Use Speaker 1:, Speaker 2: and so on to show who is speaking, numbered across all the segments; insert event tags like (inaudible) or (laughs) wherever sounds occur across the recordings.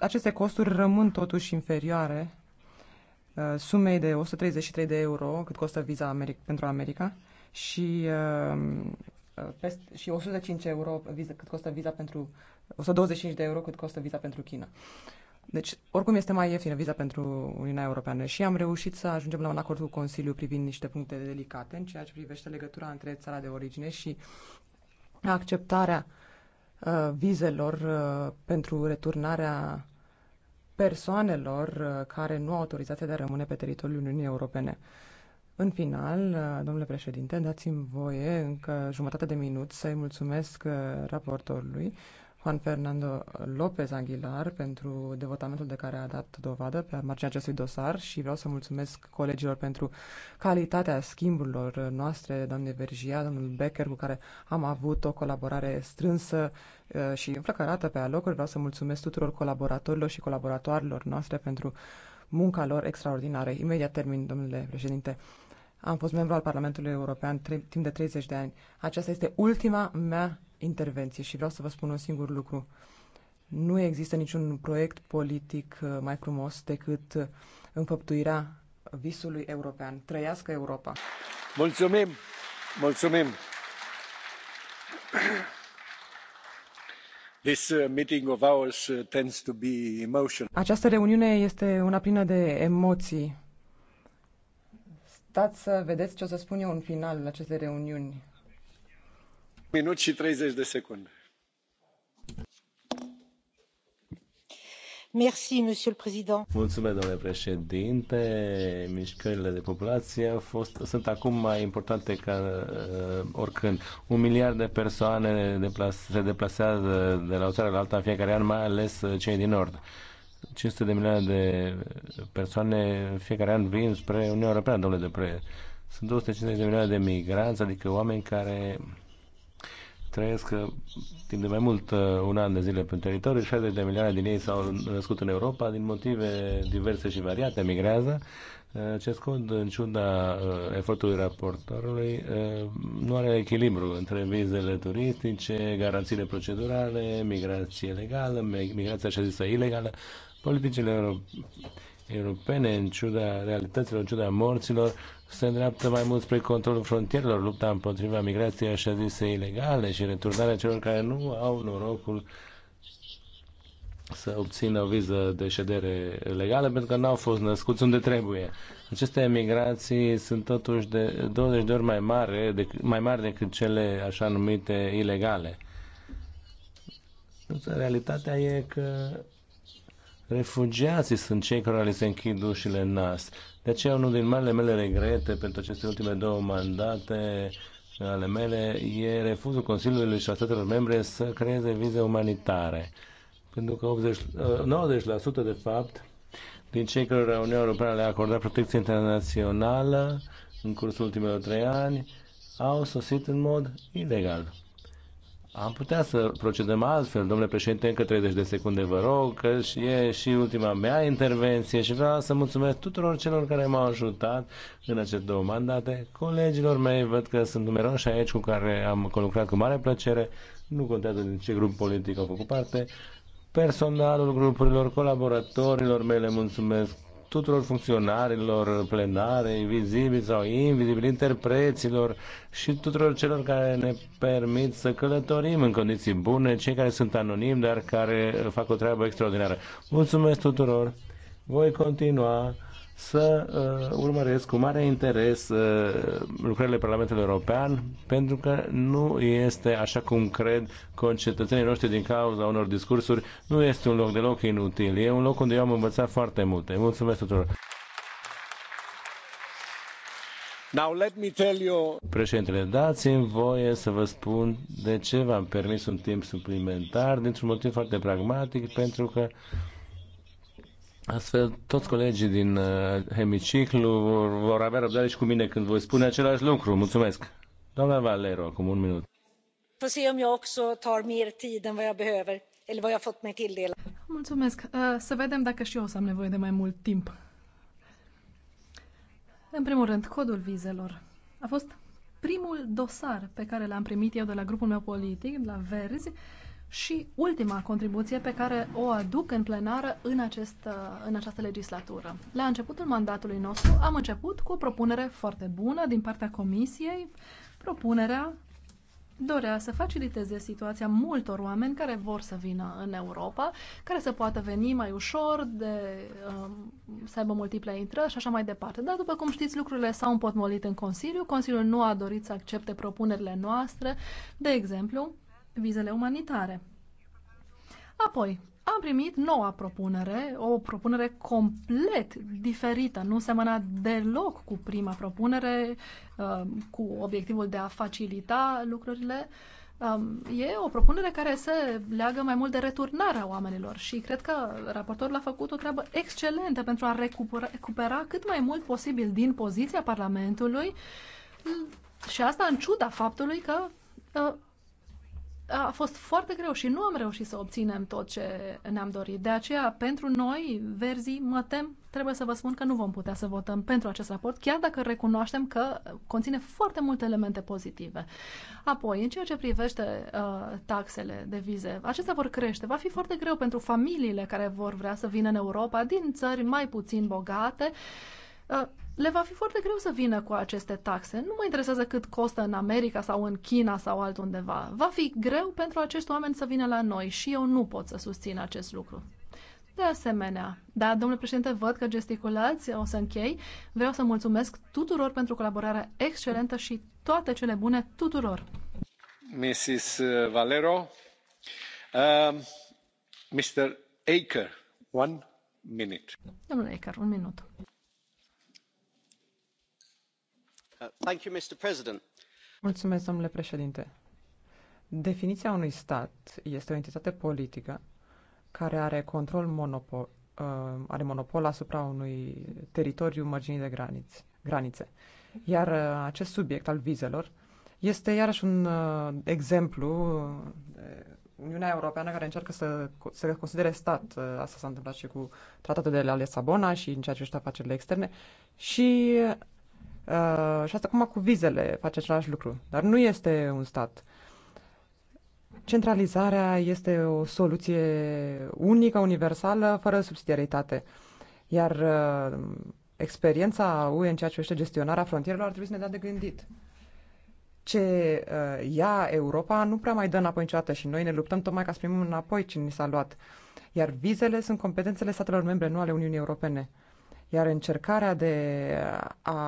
Speaker 1: aceste costuri rămân totuși inferioare uh, sumei de 133 de euro cât costă viza Ameri- pentru America și, uh, uh peste, și 105 euro viza, cât costă viza pentru 125 de euro cât costă viza pentru China. Deci, oricum este mai ieftină viza pentru Uniunea Europeană și am reușit să ajungem la un acord cu Consiliul privind niște puncte delicate în ceea ce privește legătura între țara de origine și acceptarea uh, Uh, vizelor uh, pentru returnarea persoanelor uh, care nu au autorizația de a rămâne pe teritoriul Uniunii Europene. În final, domnule președinte, dați-mi voie încă jumătate de minut să-i mulțumesc raportorului Juan Fernando López Aguilar pentru devotamentul de care a dat dovadă pe marginea acestui dosar și vreau să mulțumesc colegilor pentru calitatea schimburilor noastre, doamne Vergia, domnul Becker, cu care am avut o colaborare strânsă uh, și înflăcărată pe alocuri. Vreau să mulțumesc tuturor colaboratorilor și colaboratoarelor noastre pentru munca lor extraordinară. Imediat termin, domnule președinte. Am fost membru al Parlamentului European timp de 30 de ani. Aceasta este ultima mea intervenție și vreau să vă spun un singur lucru. Nu există niciun proiect politic uh, mai frumos decât uh, înfăptuirea visului european. Trăiască Europa!
Speaker 2: Mulțumim! Mulțumim! This uh, meeting of ours
Speaker 1: tends to be emotional. Această reuniune este una plină de emoții. Stați să vedeți ce o să spun eu în la acestei reuniuni
Speaker 2: minut și treizeci de secunde. Mulțumesc, domnule președinte. Mișcările de populație au fost, sunt acum mai importante ca uh, oricând. Un miliard de persoane deplas, se deplasează de la o țară la alta în fiecare an, mai ales uh, cei din nord. 500 de milioane de persoane în fiecare an vin spre Uniunea Europeană, domnule Depre. Sunt 250 de milioane de migranți, adică oameni care trăiesc uh, timp de mai mult uh, un an de zile pe teritoriu, 60 de milioane din ei s-au născut în Europa din motive diverse și variate, migrează. Acest uh, cod, în ciuda efortului raportorului, nu are echilibru între vizele turistice, garanțiile procedurale, migrație legală, migrația așa zisă ilegală, politicile europene europene, în ciuda realităților, în ciuda morților, se îndreaptă mai mult spre controlul frontierelor, lupta împotriva migrației așa zise ilegale și returnarea celor care nu au norocul să obțină o viză de ședere legală pentru că n-au fost născuți unde trebuie. Aceste migrații sunt totuși de 20 de ori mai, mare, de, mai mari decât cele așa numite ilegale. Realitatea e că refugiații sunt cei care le se închid ușile în nas. De aceea unul din marile mele regrete pentru aceste ultime două mandate ale mele e refuzul Consiliului și a statelor membre să creeze vize umanitare. Pentru că 80, 90% uh, de fapt din cei care Uniunea Europeană le-a acordat protecție internațională în cursul ultimelor trei ani au sosit în mod ilegal. Am putea să procedăm altfel, domnule președinte, încă 30 de secunde vă rog, că și e și ultima mea intervenție și vreau să mulțumesc tuturor celor care m-au ajutat în aceste două mandate. Colegilor mei, văd că sunt numeroși aici cu care am lucrat cu mare plăcere, nu contează din ce grup politic au făcut parte. Personalul grupurilor, colaboratorilor mele, mulțumesc tuturor funcționarilor plenare, invizibili sau invizibili, interpreților și tuturor celor care ne permit să călătorim în condiții bune, cei care sunt anonimi, dar care fac o treabă extraordinară. Mulțumesc tuturor! Voi continua să uh, urmăresc cu mare interes uh, lucrările Parlamentului European, pentru că nu este, așa cum cred concetățenii noștri din cauza unor discursuri, nu este un loc deloc inutil. E un loc unde eu am învățat foarte multe. Mulțumesc tuturor! Now let me tell you... Președintele, dați-mi voie să vă spun de ce v-am permis un timp suplimentar, dintr-un motiv foarte pragmatic, pentru că Astfel, toți colegii din uh, hemiciclu vor, vor avea răbdare și cu mine când voi spune același lucru. Mulțumesc. Doamna Valero, acum un minut.
Speaker 3: tar behöver, eller Mulțumesc. Uh, să vedem dacă și eu o să am nevoie de mai mult timp. În primul rând, codul vizelor. A fost primul dosar pe care l-am primit eu de la grupul meu politic, de la Verzi, uh, și ultima contribuție pe care o aduc în plenară în, acest, în această legislatură. La începutul mandatului nostru am început cu o propunere foarte bună din partea Comisiei. Propunerea dorea să faciliteze situația multor oameni care vor să vină în Europa, care să poată veni mai ușor, de, um, să aibă multiple intrări și așa mai departe. Dar, după cum știți, lucrurile s-au împotmolit în Consiliu. Consiliul nu a dorit să accepte propunerile noastre. De exemplu, vizele umanitare. Apoi, am primit noua propunere, o propunere complet diferită, nu semăna deloc cu prima propunere, uh, cu obiectivul de a facilita lucrurile. Um, e o propunere care se leagă mai mult de returnarea oamenilor și cred că raportorul a făcut o treabă excelentă pentru a recupera, recupera cât mai mult posibil din poziția Parlamentului și asta în ciuda faptului că uh, a fost foarte greu și nu am reușit să obținem tot ce ne-am dorit. De aceea, pentru noi, verzii, mă tem, trebuie să vă spun că nu vom putea să votăm pentru acest raport, chiar dacă recunoaștem că conține foarte multe elemente pozitive. Apoi, în ceea ce privește uh, taxele de vize, acestea vor crește. Va fi foarte greu pentru familiile care vor vrea să vină în Europa din țări mai puțin bogate. Uh, Uh, le va fi foarte greu să vină cu aceste taxe. Nu mă interesează cât costă în America sau în China sau altundeva. Va fi greu pentru acești oameni să vină la noi și eu nu pot să susțin acest lucru. De asemenea, da, domnule președinte, văd că gesticulați, o să închei. Vreau să mulțumesc tuturor pentru colaborarea excelentă și toate cele bune tuturor.
Speaker 2: Mrs. Uh, Valero, uh, um, Mr. Aker, one minute.
Speaker 1: Domnule Aker, un minut
Speaker 2: Uh,
Speaker 1: Mulțumesc, domnule președinte. Definiția unui stat este o entitate politică care are control monopol, uh, are monopol asupra unui teritoriu mărginit de granițe. granițe. Iar uh, acest subiect al vizelor este iarăși un exemplu Uniunea Europeană care încearcă să se considere stat. Asta s-a întâmplat și cu tratatul de la Lisabona și în ceea ce privește afacerile externe. Și Uh, și asta acum cu vizele face același lucru. Dar nu este un stat. Centralizarea este o soluție unică, universală, fără subsidiaritate. Iar uh, experiența UE în ceea ce este gestionarea frontierelor ar trebui să ne dea de gândit. Ce uh, ia Europa nu prea mai dă înapoi niciodată și noi ne luptăm tocmai ca să primim înapoi ce ni s-a luat. Iar vizele sunt competențele statelor membre, nu ale Uniunii Europene. Iar încercarea de a,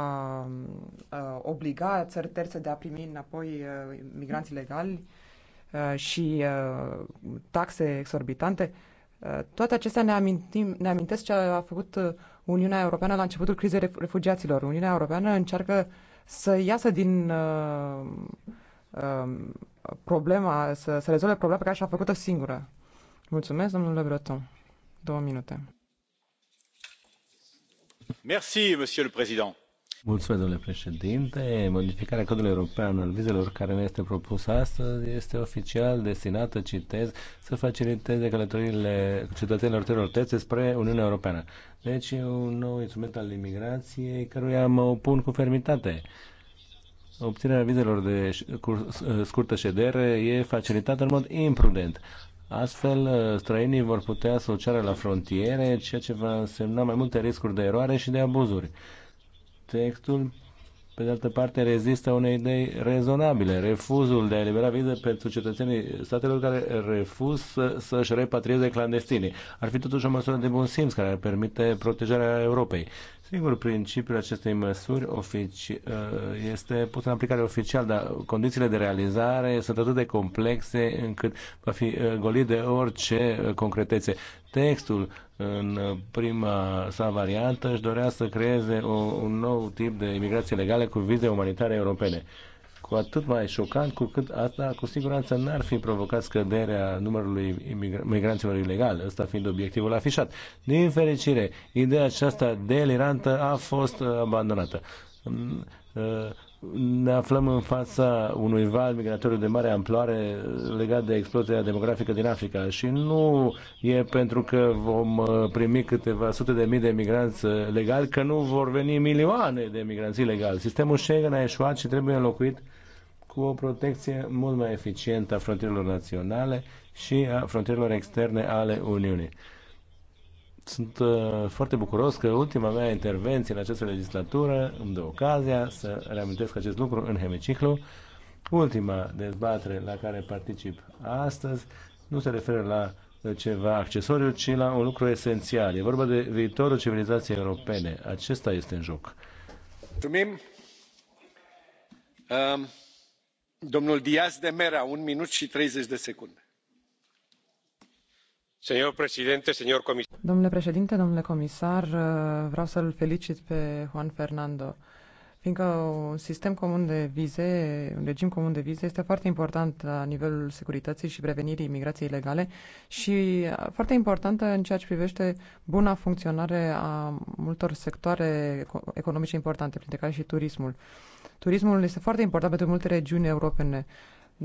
Speaker 1: a obliga țări terțe de a primi înapoi uh, migranți legali uh, și uh, taxe exorbitante, toate acestea ne, amintim, ne amintesc ce a făcut Uniunea Europeană la începutul crizei refugiaților. Uniunea Europeană încearcă să iasă din uh, uh, problema, să, să rezolve problema pe care și-a făcut-o singură. Mulțumesc, domnule Breton. Două minute.
Speaker 2: Mulțumesc, domnule președinte. Modificarea codului european al vizelor care ne este propusă astăzi este oficial destinată, citez, să faciliteze călătoriile cetățenilor țărilor terțe spre Uniunea Europeană. Deci e un nou instrument al imigrației căruia mă opun cu fermitate. Obținerea vizelor de scurtă ședere e facilitată în mod imprudent. Astfel, uh, străinii vor putea să ceară la frontiere, ceea ce va însemna mai multe riscuri de eroare și de abuzuri. Textul pe de altă parte, rezistă unei idei rezonabile, refuzul de a elibera vize pentru cetățenii statelor care refuz să, să-și repatrieze clandestinii. Ar fi totuși o măsură de bun simț care ar permite protejarea Europei. Sigur, principiul acestei măsuri ofici, uh, este pus în aplicare oficial, dar condițiile de realizare sunt atât de complexe încât va fi uh, golit de orice uh, concretețe. Textul în prima sa variantă, își dorea să creeze o, un nou tip de imigrație legală cu vize umanitare europene. Cu atât mai șocant cu cât asta cu siguranță n-ar fi provocat scăderea numărului migranților ilegali, ăsta fiind obiectivul afișat. Din fericire, ideea aceasta delirantă a fost abandonată uh, ne aflăm în fața unui val migratoriu de mare amploare legat de explozia demografică din Africa și nu e pentru că vom uh, primi câteva sute de mii de migranți uh, legali că nu vor veni milioane de migranți ilegali. Sistemul Schengen a eșuat și trebuie înlocuit cu o protecție mult mai eficientă a frontierelor naționale și a frontierelor externe ale Uniunii. Sunt uh, foarte bucuros că ultima mea intervenție în această legislatură îmi dă ocazia să reamintesc acest lucru în hemiciclu. Ultima dezbatere la care particip astăzi nu se referă la ceva accesoriu, ci la un lucru esențial. E vorba de viitorul civilizației europene. Acesta este în joc. Mulțumim. Um, domnul Diaz de Mera, un minut și 30 de secunde
Speaker 1: Domnule președinte, domnule comisar, uh, vreau să-l felicit pe Juan Fernando, fiindcă un sistem comun de vize, un regim comun de vize este foarte important la nivelul securității și prevenirii imigrației ilegale și uh, foarte importantă în ceea ce privește buna funcționare a multor sectoare economice importante, printre care și turismul. Turismul este foarte important pentru multe regiuni europene.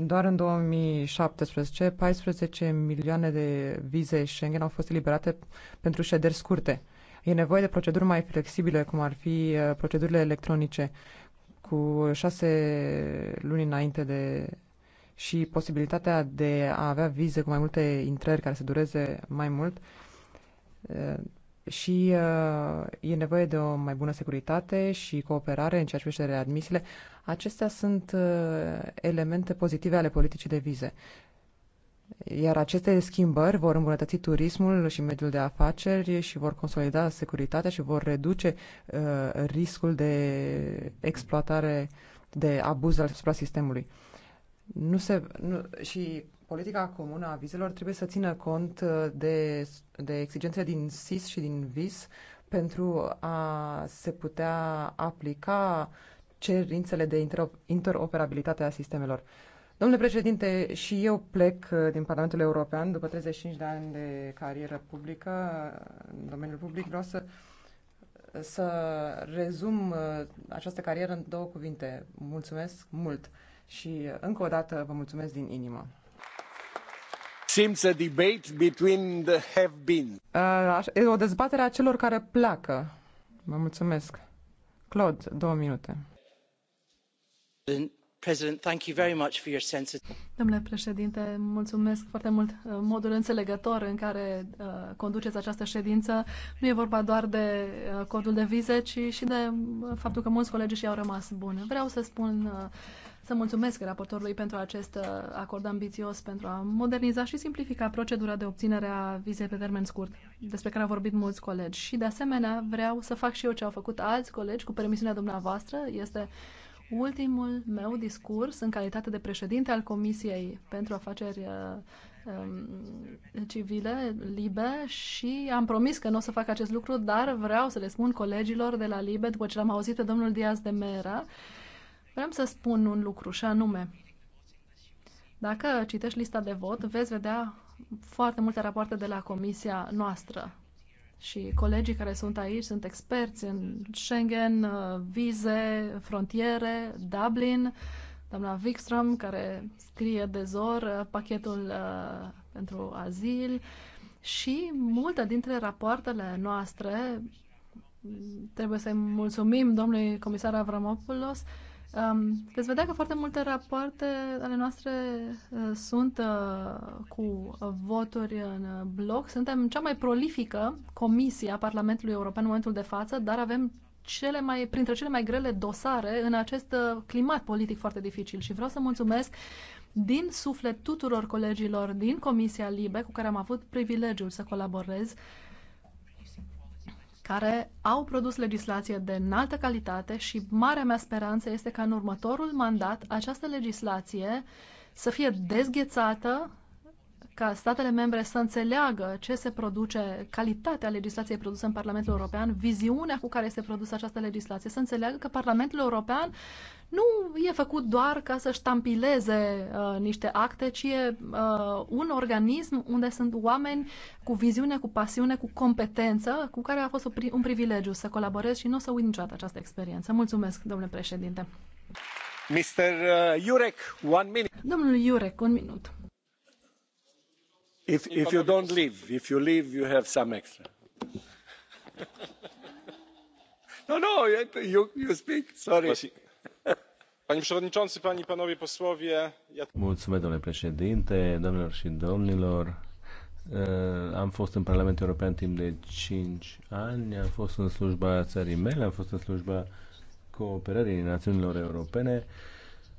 Speaker 1: Doar în 2017, 14 milioane de vize Schengen au fost eliberate pentru șederi scurte. E nevoie de proceduri mai flexibile, cum ar fi uh, procedurile electronice, cu șase luni înainte de și posibilitatea de a avea vize cu mai multe intrări care să dureze mai mult uh, și uh, e nevoie de o mai bună securitate și cooperare în ceea ce privește readmisiile. Acestea sunt uh, elemente pozitive ale politicii de vize. Iar aceste schimbări vor îmbunătăți turismul și mediul de afaceri și vor consolida securitatea și vor reduce uh, riscul de exploatare, de abuz asupra sistemului. Nu se, nu, și politica comună a vizelor trebuie să țină cont uh, de, de exigențele din SIS și din VIS pentru a se putea aplica cerințele de interoperabilitate a sistemelor. Domnule președinte, și eu plec uh, din Parlamentul European după 35 de ani de carieră publică, în domeniul public. Vreau să, să rezum uh, această carieră în două cuvinte. Mulțumesc mult și încă o dată vă mulțumesc din inimă
Speaker 2: seems a debate between the have been.
Speaker 1: Uh, e o dezbatere a celor care pleacă. Vă mulțumesc. Claude, două minute. President, thank you very much for your
Speaker 3: Domnule președinte, mulțumesc foarte mult uh, modul înțelegător în care uh, conduceți această ședință. Nu e vorba doar de uh, codul de vize, ci și de uh, faptul că mulți colegi și-au rămas bune. Vreau să spun uh, să mulțumesc raportorului pentru acest uh, acord ambițios pentru a moderniza și simplifica procedura de obținere a vizei pe termen scurt, despre care au vorbit mulți colegi. Și de asemenea vreau să fac și eu ce au făcut alți colegi, cu permisiunea dumneavoastră. Este ultimul meu discurs în calitate de președinte al Comisiei pentru Afaceri uh, um, civile, libe și am promis că nu o să fac acest lucru, dar vreau să le spun colegilor de la libe, după ce l-am auzit pe domnul Diaz de Mera, Vreau să spun un lucru și anume, dacă citești lista de vot, veți vedea foarte multe rapoarte de la comisia noastră. Și colegii care sunt aici sunt experți în Schengen, uh, vize, frontiere, Dublin, doamna Wikström, care scrie de zor uh, pachetul uh, pentru azil și multe dintre rapoartele noastre, trebuie să-i mulțumim domnului comisar Avramopoulos, uh, Um, veți vedea că foarte multe rapoarte ale noastre uh, sunt uh, cu voturi în bloc. Suntem cea mai prolifică comisie a Parlamentului European în momentul de față, dar avem cele mai, printre cele mai grele dosare în acest uh, climat politic foarte dificil. Și vreau să mulțumesc din suflet tuturor colegilor din Comisia Libe cu care am avut privilegiul să colaborez uh, care au produs legislație de înaltă calitate și marea mea speranță este ca în următorul mandat această legislație să fie dezghețată ca statele membre să înțeleagă ce se produce, calitatea legislației produse în Parlamentul European, viziunea cu care se produce această legislație, să înțeleagă că Parlamentul European nu e făcut doar ca să ștampileze uh, niște acte, ci e uh, un organism unde sunt oameni cu viziune, cu pasiune, cu competență, cu care a fost un privilegiu să colaborez și nu o să uit niciodată această experiență. Mulțumesc, domnule președinte.
Speaker 2: Mr. Jurek, uh, one minute.
Speaker 3: Domnul Jurek, un minut
Speaker 2: If, if you don't leave, if you leave, you have some extra. (laughs)
Speaker 1: No, no, you, you speak, sorry. Panie przewodniczący, panie i panowie posłowie.
Speaker 2: Ja... Mulțumesc, domnule președinte, domnilor și domnilor. Am fost în Parlamentul European timp de 5 ani, am fost în slujba țării mele, am fost în slujba cooperării națiunilor europene.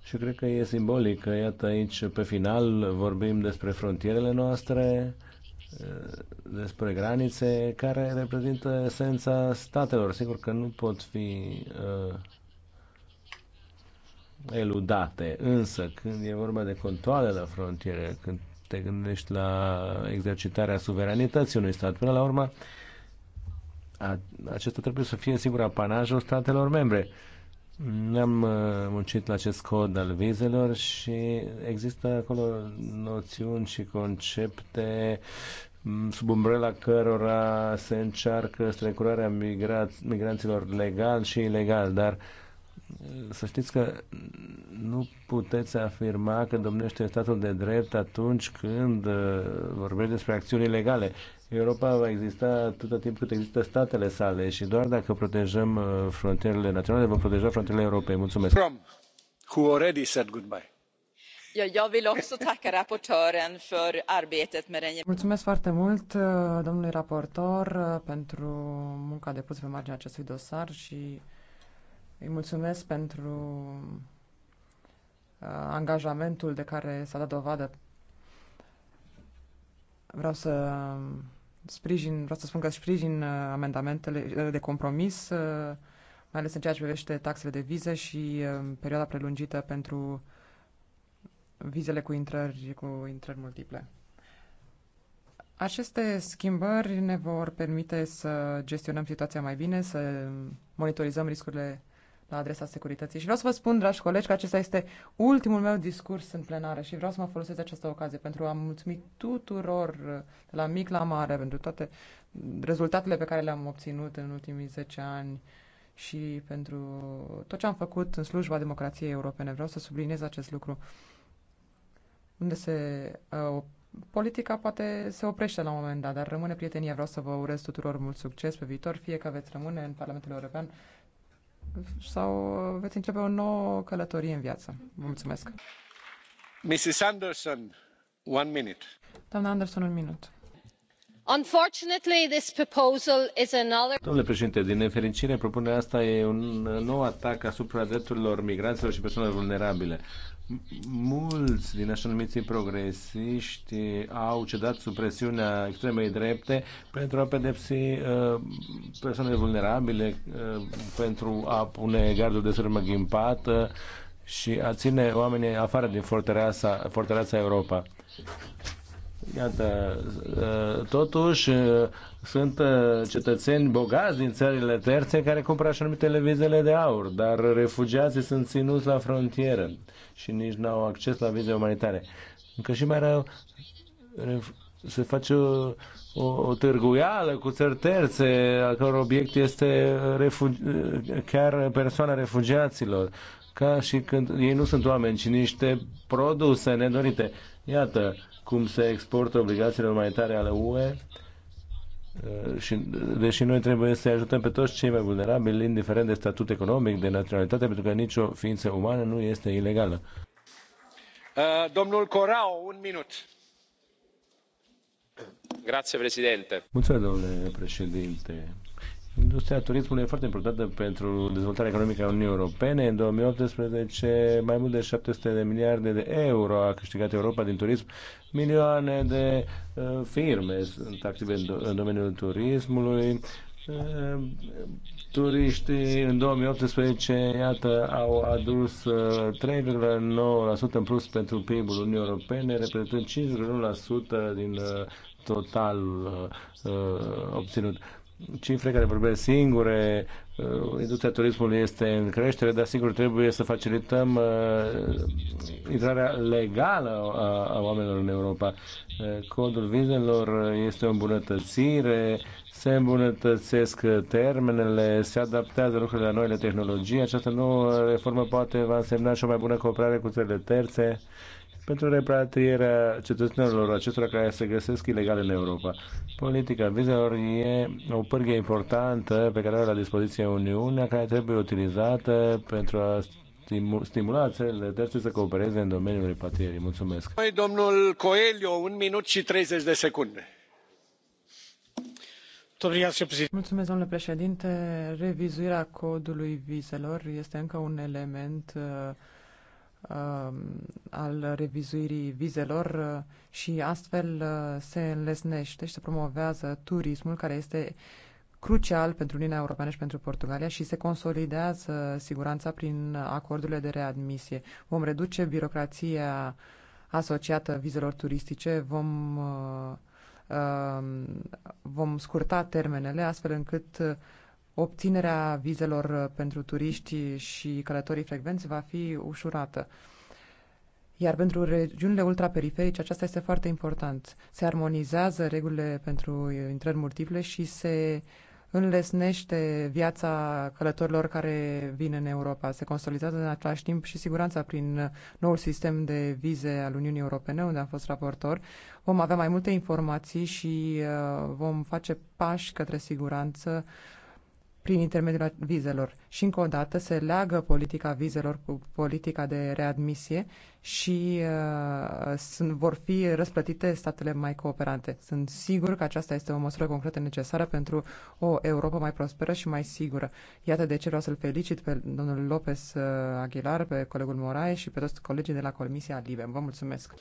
Speaker 2: Și cred că e simbolic că, iată, aici, pe final, vorbim despre frontierele noastre, eh, despre granițe, care reprezintă esența statelor. Sigur că nu pot fi uh, eludate, însă când e vorba de controle la frontiere, când te gândești la exercitarea suveranității unui stat, până la urmă, a, acesta trebuie să fie sigur apanajul statelor membre. Uh, ne-am uh, muncit la acest cod al vizelor și există acolo noțiuni și concepte mm, sub umbrela cărora se încearcă strecurarea migra- migranților legal și ilegal, dar uh, să știți că nu puteți afirma că domnește statul de drept atunci când uh, vorbești despre acțiuni ilegale. Europa va exista atâta timp cât există statele sale și doar dacă protejăm uh, frontierele naționale vom proteja frontierele europei. Mulțumesc. From, who already said goodbye.
Speaker 3: Jag vill också tacka för arbetet med den. Mulțumesc
Speaker 1: foarte mult uh, domnului raportor uh, pentru munca depusă pe marginea acestui dosar și îi mulțumesc pentru angajamentul de care s-a dat dovadă vreau să sprijin, vreau să spun că sprijin uh, amendamentele uh, de compromis, uh, mai ales în ceea ce privește taxele de viză și perioada prelungită pentru vizele cu intrări, cu intrări multiple. Aceste schimbări ne vor permite să gestionăm situația mai bine, să monitorizăm riscurile la adresa securității. Și vreau să vă spun, dragi colegi, că acesta este ultimul meu discurs în plenară și vreau să mă folosesc de această ocazie pentru a mulțumi tuturor, de la mic la mare, pentru toate rezultatele pe care le-am obținut în ultimii 10 ani și pentru tot ce am făcut în slujba democrației europene. Vreau să subliniez acest lucru. Unde se uh, politica poate se oprește la un moment dat, dar rămâne prietenia. Vreau să vă urez tuturor mult succes pe viitor, fie că veți rămâne în Parlamentul European, sau veți începe o nouă călătorie în viață. Vă mulțumesc. Mrs.
Speaker 2: Anderson,
Speaker 1: one minute. Doamna Anderson, un minut.
Speaker 3: Unfortunately, this proposal is another... Domnule
Speaker 2: președinte, din nefericire, propunerea asta e un nou atac asupra drepturilor migranților și persoanelor vulnerabile mulți din așa numiții progresiști au cedat sub presiunea extremei drepte pentru a pedepsi uh, persoane vulnerabile, uh, pentru a pune gardul de sârmă ghimpată și a ține oamenii afară din fortăreața, fortăreața Europa. Iată, uh, totuși uh, sunt uh, cetățeni bogați din țările terțe care cumpără așa numitele vizele de aur, dar refugiații sunt ținuți la frontieră și nici nu au acces la vize umanitare. Încă și mai rău, se face o, o, o târguială cu țări terțe, a căror obiect este refugi, chiar persoana refugiaților, ca și când ei nu sunt oameni, ci niște produse nedorite. Iată cum se exportă obligațiile umanitare ale UE Uh, și, deși noi trebuie să ajutăm pe toți cei mai vulnerabili, indiferent de statut economic, de naționalitate, pentru că nicio ființă umană nu este ilegală. Uh, domnul
Speaker 1: Corao, un minut.
Speaker 2: Grazie, președinte. Mulțumesc, domnule președinte. Industria turismului e foarte importantă pentru dezvoltarea economică a Uniunii Europene. În 2018, mai mult de 700 de miliarde de euro a câștigat Europa din turism. Milioane de uh, firme sunt active în, do- în domeniul turismului. Uh, turiștii în 2018, iată, au adus 3,9% uh, în plus pentru PIB-ul Uniunii Europene, reprezentând 5,1% din uh, total uh, uh, obținut cifre care vorbesc singure, uh, industria turismului este în creștere, dar sigur trebuie să facilităm uh, intrarea legală a, a oamenilor în Europa. Uh, codul vizelor este o îmbunătățire, se îmbunătățesc termenele, se adaptează lucrurile la noile tehnologii. Această nouă reformă poate va însemna și o mai bună cooperare cu țările terțe pentru repatrierea cetățenilor acestora care se găsesc ilegal în Europa. Politica vizelor e o pârghie importantă pe care are la dispoziție Uniunea, care trebuie utilizată pentru a stimula țările terțe să coopereze în domeniul repatrierii. Mulțumesc. Noi, domnul Coelho, un minut și 30 de secunde.
Speaker 1: Mulțumesc, domnule președinte. Revizuirea codului vizelor este încă un element uh, Um, al revizuirii vizelor uh, și astfel uh, se înlesnește și se promovează turismul care este crucial pentru Uniunea Europeană și pentru Portugalia și se consolidează siguranța prin acordurile de readmisie. Vom reduce birocrația asociată vizelor turistice, vom, uh, um, vom scurta termenele astfel încât obținerea vizelor uh, pentru turiști și călătorii frecvenți va fi ușurată. Iar pentru regiunile ultraperiferice, aceasta este foarte important. Se armonizează regulile pentru intrări multiple și se înlesnește viața călătorilor care vin în Europa. Se consolidează în același timp și siguranța prin noul sistem de vize al Uniunii Europene, unde am fost raportor. Vom avea mai multe informații și uh, vom face pași către siguranță prin intermediul vizelor. Și încă o dată se leagă politica vizelor cu politica de readmisie și uh, sunt, vor fi răsplătite statele mai cooperante. Sunt sigur că aceasta este o măsură concretă necesară pentru o Europa mai prosperă și mai sigură. Iată de ce vreau să-l felicit pe domnul Lopez uh, Aguilar, pe colegul Moraes și pe toți colegii de la Comisia Libe. Vă mulțumesc!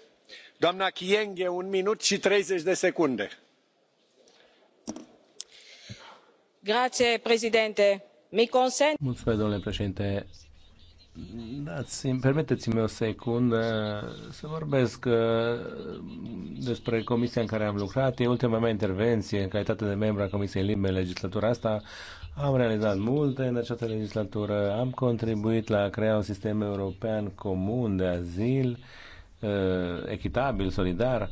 Speaker 2: Doamna Chienghe, un minut și 30 de secunde Mulțumesc, domnule președinte. permiteți-mi o secundă să vorbesc uh, despre comisia în care am lucrat. E ultima mea intervenție în calitate de membru a Comisiei Limbe în legislatura asta. Am realizat multe în această legislatură, am contribuit la a crea un sistem european comun de azil, uh, echitabil, solidar.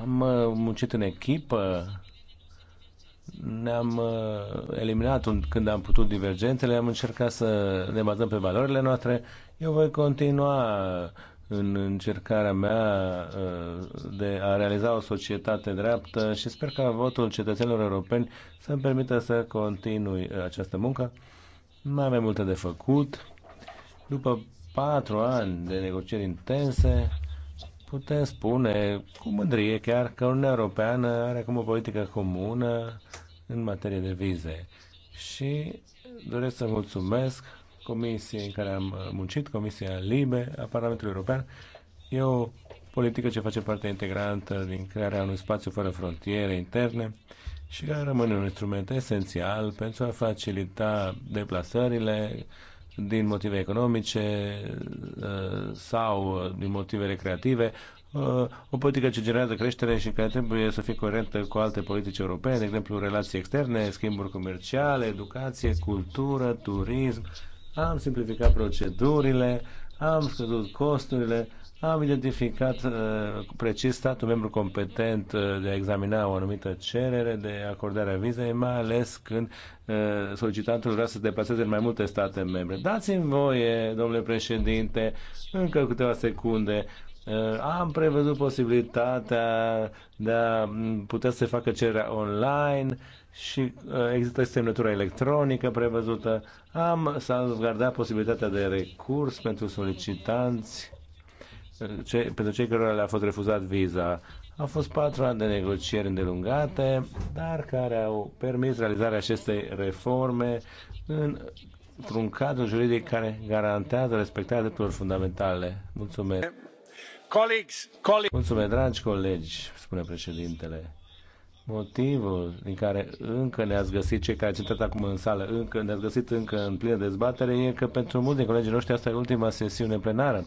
Speaker 2: Am uh, muncit în echipă, ne-am uh, eliminat un când am putut divergențele, am încercat să ne bazăm pe valorile noastre. Eu voi continua în încercarea mea uh, de a realiza o societate dreaptă și sper ca votul cetățenilor europeni să-mi permită să continui această muncă. Nu avem multe de făcut. După patru ani de negocieri intense, putem spune cu mândrie chiar că Uniunea Europeană are acum o politică comună în materie de vize. Și doresc să mulțumesc comisiei în care am muncit, Comisia Libe a Parlamentului European. E o politică ce face parte integrantă din crearea unui spațiu fără frontiere interne și care rămâne un instrument esențial pentru a facilita deplasările din motive economice uh, sau din motive recreative, uh, o politică ce generează creștere și care trebuie să fie coerentă cu alte politici europene, de exemplu relații externe, schimburi comerciale, educație, cultură, turism. Am simplificat procedurile, am scăzut costurile, am identificat uh, precis statul membru competent uh, de a examina o anumită cerere de acordare a vizei, mai ales când uh, solicitantul vrea să se deplaseze în mai multe state membre. Dați-mi voie, domnule președinte, încă câteva secunde. Uh, am prevăzut posibilitatea de a putea să se facă cererea online și uh, există semnătura electronică prevăzută. Am salvgardat posibilitatea de recurs pentru solicitanți ce, pentru cei care le-a fost refuzat viza. Au fost patru ani de negocieri îndelungate, dar care au permis realizarea acestei reforme în într-un cadru juridic care garantează respectarea drepturilor fundamentale. Mulțumesc. Colegi, colegi. Mulțumesc, dragi colegi, spune președintele. Motivul din care încă ne-ați găsit, cei care ați intrat acum în sală, încă ne-ați găsit încă în plină dezbatere, e că pentru mulți din colegii noștri asta e ultima sesiune plenară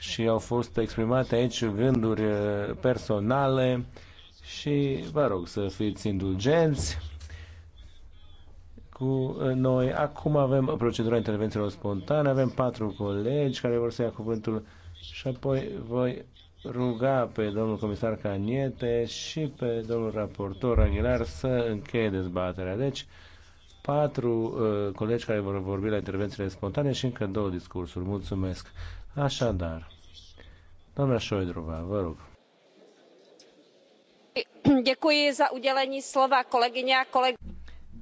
Speaker 2: și au fost exprimate aici gânduri uh, personale și vă rog să fiți indulgenți cu uh, noi. Acum avem procedura intervențiilor spontane, avem patru colegi care vor să ia cuvântul și apoi voi ruga pe domnul comisar Caniete și pe domnul raportor Aguilar să încheie dezbaterea. Deci, patru uh, colegi care vor vorbi la intervențiile spontane și încă două discursuri. Mulțumesc! Așadar, doamna Șoidrova, vă rog.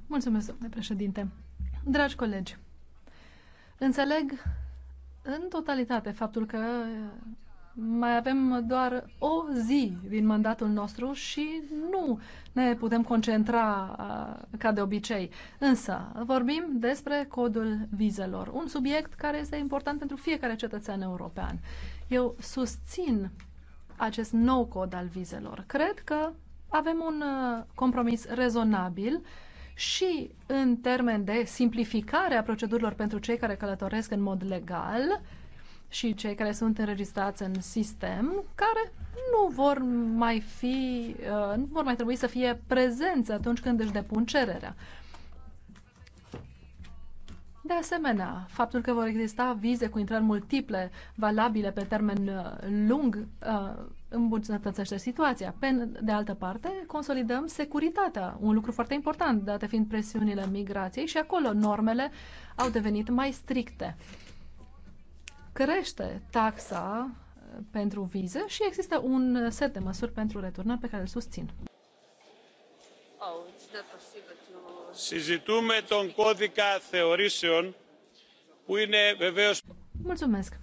Speaker 3: Mulțumesc, domnule președinte. Dragi colegi, înțeleg în totalitate faptul că mai avem doar o zi din mandatul nostru și nu ne putem concentra ca de obicei. Însă, vorbim despre codul vizelor, un subiect care este important pentru fiecare cetățean european. Eu susțin acest nou cod al vizelor. Cred că avem un compromis rezonabil și în termen de simplificare a procedurilor pentru cei care călătoresc în mod legal, și cei care sunt înregistrați în sistem, care nu vor mai fi, uh, nu vor mai trebui să fie prezenți atunci când își depun cererea. De asemenea, faptul că vor exista vize cu intrări multiple, valabile pe termen uh, lung, uh, îmbunătățește situația. Pe de altă parte, consolidăm securitatea, un lucru foarte important, date fiind presiunile migrației și acolo normele au devenit mai stricte crește taxa uh, pentru vize și există un uh, set de măsuri pentru returnări pe care îl susțin.
Speaker 2: Συζητούμε τον κώδικα θεωρήσεων που είναι
Speaker 3: Mulțumesc.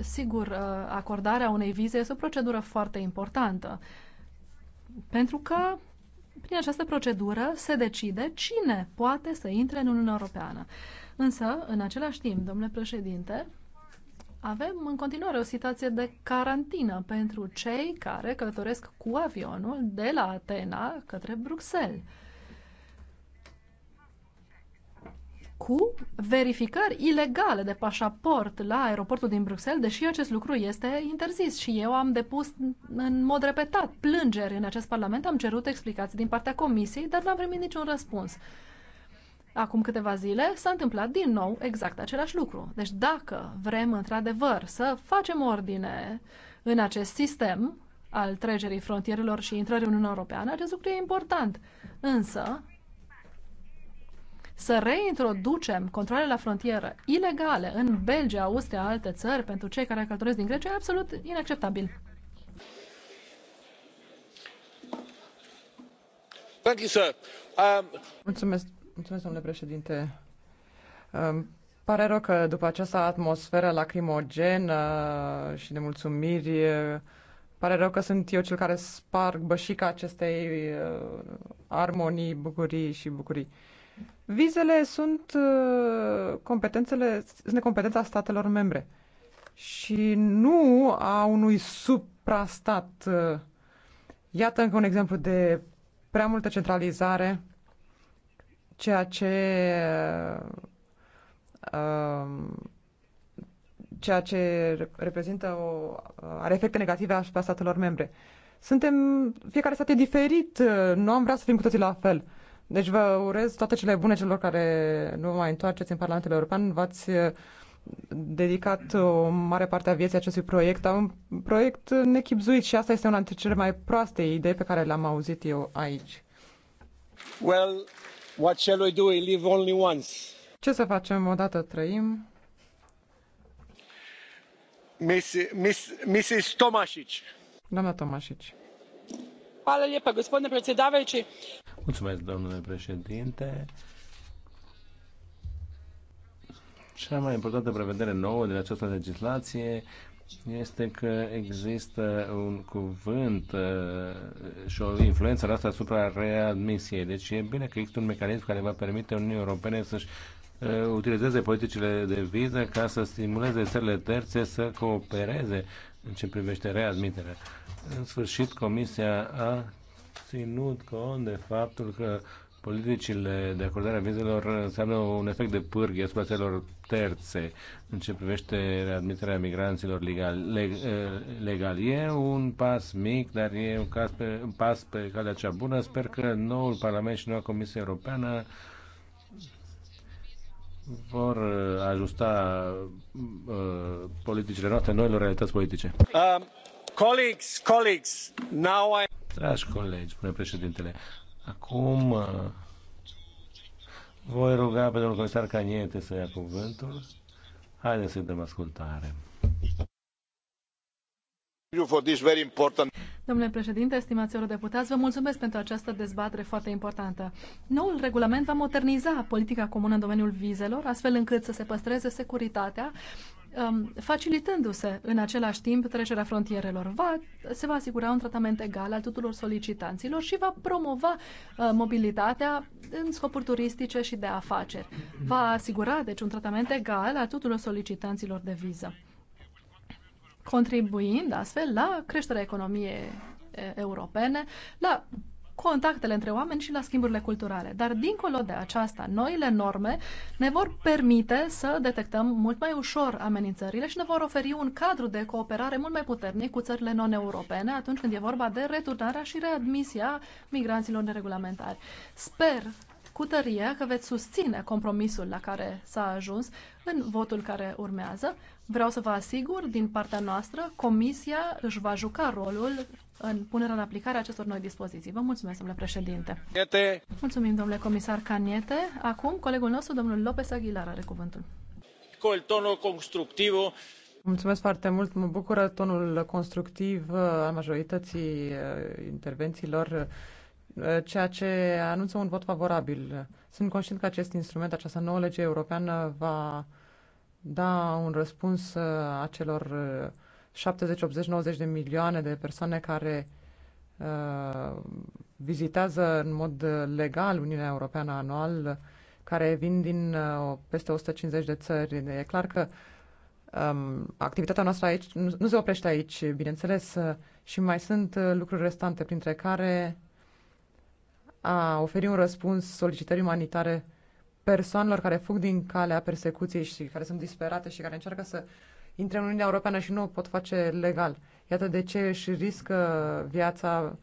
Speaker 3: Sigur, uh, acordarea unei vize este o procedură foarte importantă pentru că prin această procedură se decide cine poate să intre în Uniunea Europeană. Însă, în același timp, domnule președinte, avem în continuare o situație de carantină pentru cei care călătoresc cu avionul de la Atena către Bruxelles. cu verificări ilegale de pașaport la aeroportul din Bruxelles, deși acest lucru este interzis și eu am depus în mod repetat plângeri în acest parlament, am cerut explicații din partea comisiei, dar n-am primit niciun răspuns. Acum câteva zile s-a întâmplat din nou exact același lucru. Deci dacă vrem într-adevăr să facem ordine în acest sistem al trecerii frontierelor și intrării în Uniunea Europeană, acest lucru e important. Însă, să reintroducem controlele la frontieră ilegale în Belgia, Austria, alte țări pentru cei care călătoresc din Grecia e absolut
Speaker 1: inacceptabil.
Speaker 2: Thank you, sir. Um...
Speaker 1: Mulțumesc, mulțumesc, domnule președinte. Um, pare rău că după această atmosferă lacrimogenă și de mulțumiri, pare rău că sunt eu cel care sparg bășica acestei uh, armonii, bucurii și bucurii. Vizele sunt uh, competențele, sunt competența statelor membre și nu a unui suprastat. Uh. Iată încă un exemplu de prea multă centralizare, ceea ce uh, ceea ce reprezintă o, are efecte negative asupra statelor membre. Suntem, fiecare stat e diferit, nu am vrea să fim cu toții la fel. Deci vă urez toate cele bune celor care nu mai întoarceți în Parlamentul European. V-ați uh, dedicat o mare parte a vieții acestui proiect, a un proiect nechipzuit și asta este una dintre cele mai proaste idei pe care le-am auzit eu aici.
Speaker 2: Well, what shall we do? We live only once.
Speaker 1: Ce să facem? Odată trăim. Miss, miss, Mrs. Tomasic. Doamna Tomasic. Hvala lijepa, gospodine predsjedavajući.
Speaker 2: Mulțumesc, domnule președinte. Cea mai importantă prevedere nouă din această legislație este că există un cuvânt uh, și o influență asta asupra readmisiei. Deci e bine că există un mecanism care va permite Uniunii Europene să-și uh, utilizeze politicile de viză ca să stimuleze țările terțe să coopereze în ce privește readmiterea. În sfârșit, Comisia a susținut cont de faptul că politicile de acordare a vizelor înseamnă un efect de pârghie asupra țărilor terțe în ce privește readmiterea migranților legal, leg, eh, legal. E un pas mic, dar e un, caz pe, un pas pe calea cea bună. Sper că noul Parlament și noua Comisie Europeană vor eh, ajusta uh, politicile noastre noilor realități politice. Uh, Dragi colegi, spune președintele, acum uh, voi ruga pe domnul comisar Caniete să ia cuvântul. Haideți să-i dăm ascultare.
Speaker 3: Domnule președinte, stimați eurodeputați, vă mulțumesc pentru această dezbatere foarte importantă. Noul regulament va moderniza politica comună în domeniul vizelor, astfel încât să se păstreze securitatea Um, facilitându-se în același timp trecerea frontierelor. Va, se va asigura un tratament egal al tuturor solicitanților și va promova uh, mobilitatea în scopuri turistice și de afaceri. Va asigura, deci, un tratament egal al tuturor solicitanților de viză, contribuind astfel la creșterea economiei europene, la contactele între oameni și la schimburile culturale. Dar dincolo de aceasta, noile norme ne vor permite să detectăm mult mai ușor amenințările și ne vor oferi un cadru de cooperare mult mai puternic cu țările non-europene atunci când e vorba de returnarea și readmisia migranților neregulamentari. Sper cu tărie că veți susține compromisul la care s-a ajuns în votul care urmează. Vreau să vă asigur, din partea noastră, Comisia își va juca rolul în punerea în aplicare a acestor noi dispoziții. Vă mulțumesc, domnule președinte. Caniete. Mulțumim, domnule comisar Caniete. Acum, colegul nostru, domnul Lopez Aguilar, are cuvântul.
Speaker 1: Col
Speaker 2: tonul constructiv.
Speaker 1: Mulțumesc foarte mult. Mă bucură tonul constructiv al majorității eh, intervențiilor Eh, ceea ce anunță un vot favorabil. Sunt conștient că acest instrument, această nouă lege europeană va da un răspuns eh, acelor 70, 80, 90 de milioane de persoane care uh, vizitează în mod legal Uniunea Europeană anual, care vin din uh, peste 150 de țări. E clar că um, activitatea noastră aici nu, nu se oprește aici, bineînțeles, și mai sunt lucruri restante, printre care a oferi un răspuns solicitării umanitare persoanelor care fug din calea persecuției și care sunt disperate și care încearcă să intre în Uniunea Europeană și nu o pot face legal. Iată de ce își riscă viața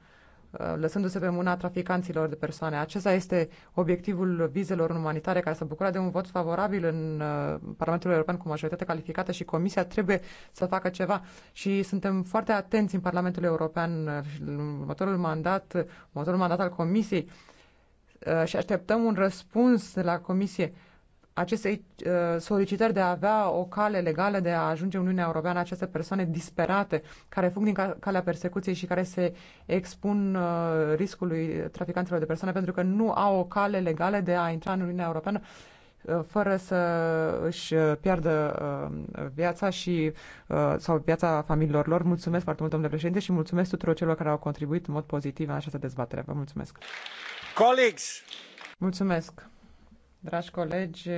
Speaker 1: Uh, lăsându-se pe mâna traficanților de persoane. Acesta este obiectivul vizelor umanitare care s-a bucurat de un vot favorabil în uh, Parlamentul European cu majoritate calificată și Comisia trebuie să facă ceva. Și suntem foarte atenți în Parlamentul European uh, în următorul mandat, următorul mandat al Comisiei și așteptăm un răspuns de la Comisie acestei uh, solicitări de a avea o cale legală de a ajunge în Uniunea Europeană, aceste persoane disperate care fug din calea persecuției și care se expun uh, riscului traficanților de persoane pentru că nu au o cale legală de a intra în Uniunea Europeană uh, fără să își pierdă viața și sau viața familiilor lor. Mulțumesc foarte mult, domnule președinte, și mulțumesc tuturor celor care au contribuit în mod pozitiv în această dezbatere. Vă mulțumesc.
Speaker 2: Colegi.
Speaker 1: Mulțumesc dragi colegi,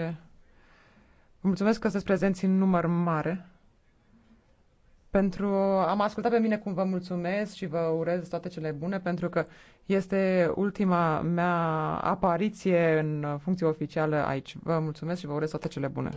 Speaker 1: vă mulțumesc că sunteți prezenți în număr mare. Pentru am ascultat pe mine cum vă mulțumesc și vă urez toate cele bune, pentru că este ultima mea apariție în funcție oficială aici. Vă mulțumesc și vă urez toate cele bune.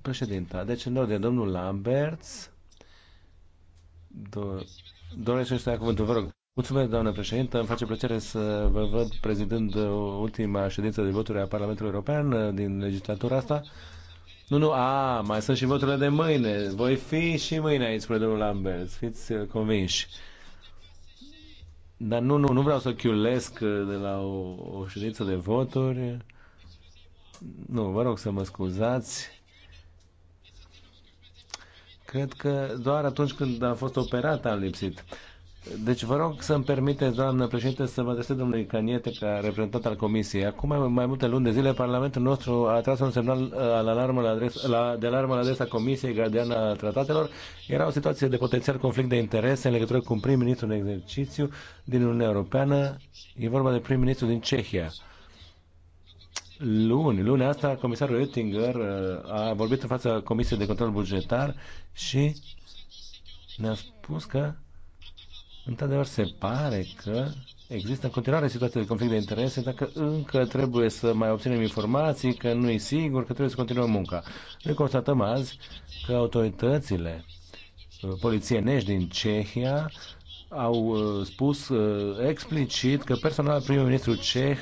Speaker 2: Președinte, vous deci în ordine, domnul Lamberts doresc să ia cuvântul, vă rog. Mulțumesc, doamnă președintă. Îmi face plăcere să vă văd prezidând ultima ședință de voturi a Parlamentului European uh, din legislatura asta. Nu, nu, a, mai sunt și voturile de mâine. Voi fi și mâine aici, spune domnul Lambert. Fiți uh, convinși. Dar nu, nu, nu vreau să chiulesc uh, de la o, o ședință de voturi. Nu, vă rog să mă scuzați. Cred că doar atunci când a fost operat am lipsit. Deci vă rog să-mi permite, doamnă președinte, să vă adresez domnului Caniete ca reprezentant al Comisiei. Acum mai multe luni de zile, Parlamentul nostru a tras un semnal uh, al alarmă la adres, la, de alarmă la adresa Comisiei Gardiană a Tratatelor. Era o situație de potențial conflict de interese în legătură cu un prim-ministru în exercițiu din Uniunea Europeană. E vorba de prim-ministru din Cehia. Luni, luni asta, comisarul Oettinger uh, a vorbit în fața Comisiei de Control Bugetar și ne-a spus că Într-adevăr, se pare că există în continuare situații de conflict de interese, dacă încă trebuie să mai obținem informații, că nu e sigur, că trebuie să continuăm munca. Noi constatăm azi că autoritățile uh, polițienești din Cehia au uh, spus uh, explicit că personal primul ministru ceh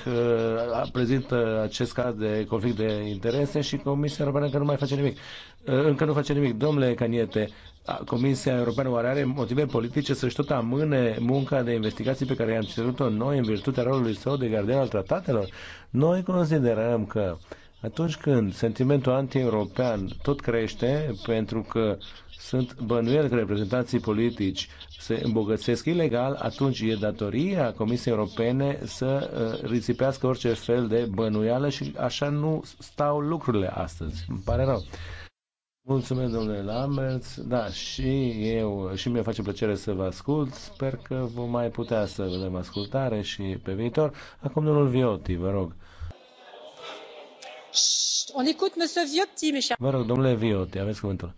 Speaker 2: prezintă acest caz de conflict de interese și Comisia Europeană încă nu mai face nimic. Încă nu face nimic. Domnule Caniete, Comisia Europeană oare are motive politice să-și tot amâne munca de investigații pe care i-am cerut-o noi în virtutea rolului său de gardian al tratatelor? Noi considerăm că atunci când sentimentul anti-european tot crește pentru că sunt bănuieli că reprezentanții politici se îmbogățesc ilegal, atunci e datoria Comisiei Europene să uh, risipească orice fel de bănuială și așa nu stau lucrurile astăzi. Îmi pare rău. Mulțumesc, domnule Lamberts. Da, și eu, și mi-e face plăcere să vă ascult. Sper că vom mai putea să vedem ascultare și pe viitor. Acum, domnul Vioti, vă rog.
Speaker 3: On écoute, monsieur Viotti, mes chers.
Speaker 2: Vă rog, domnule Viotti, aveți cuvântul.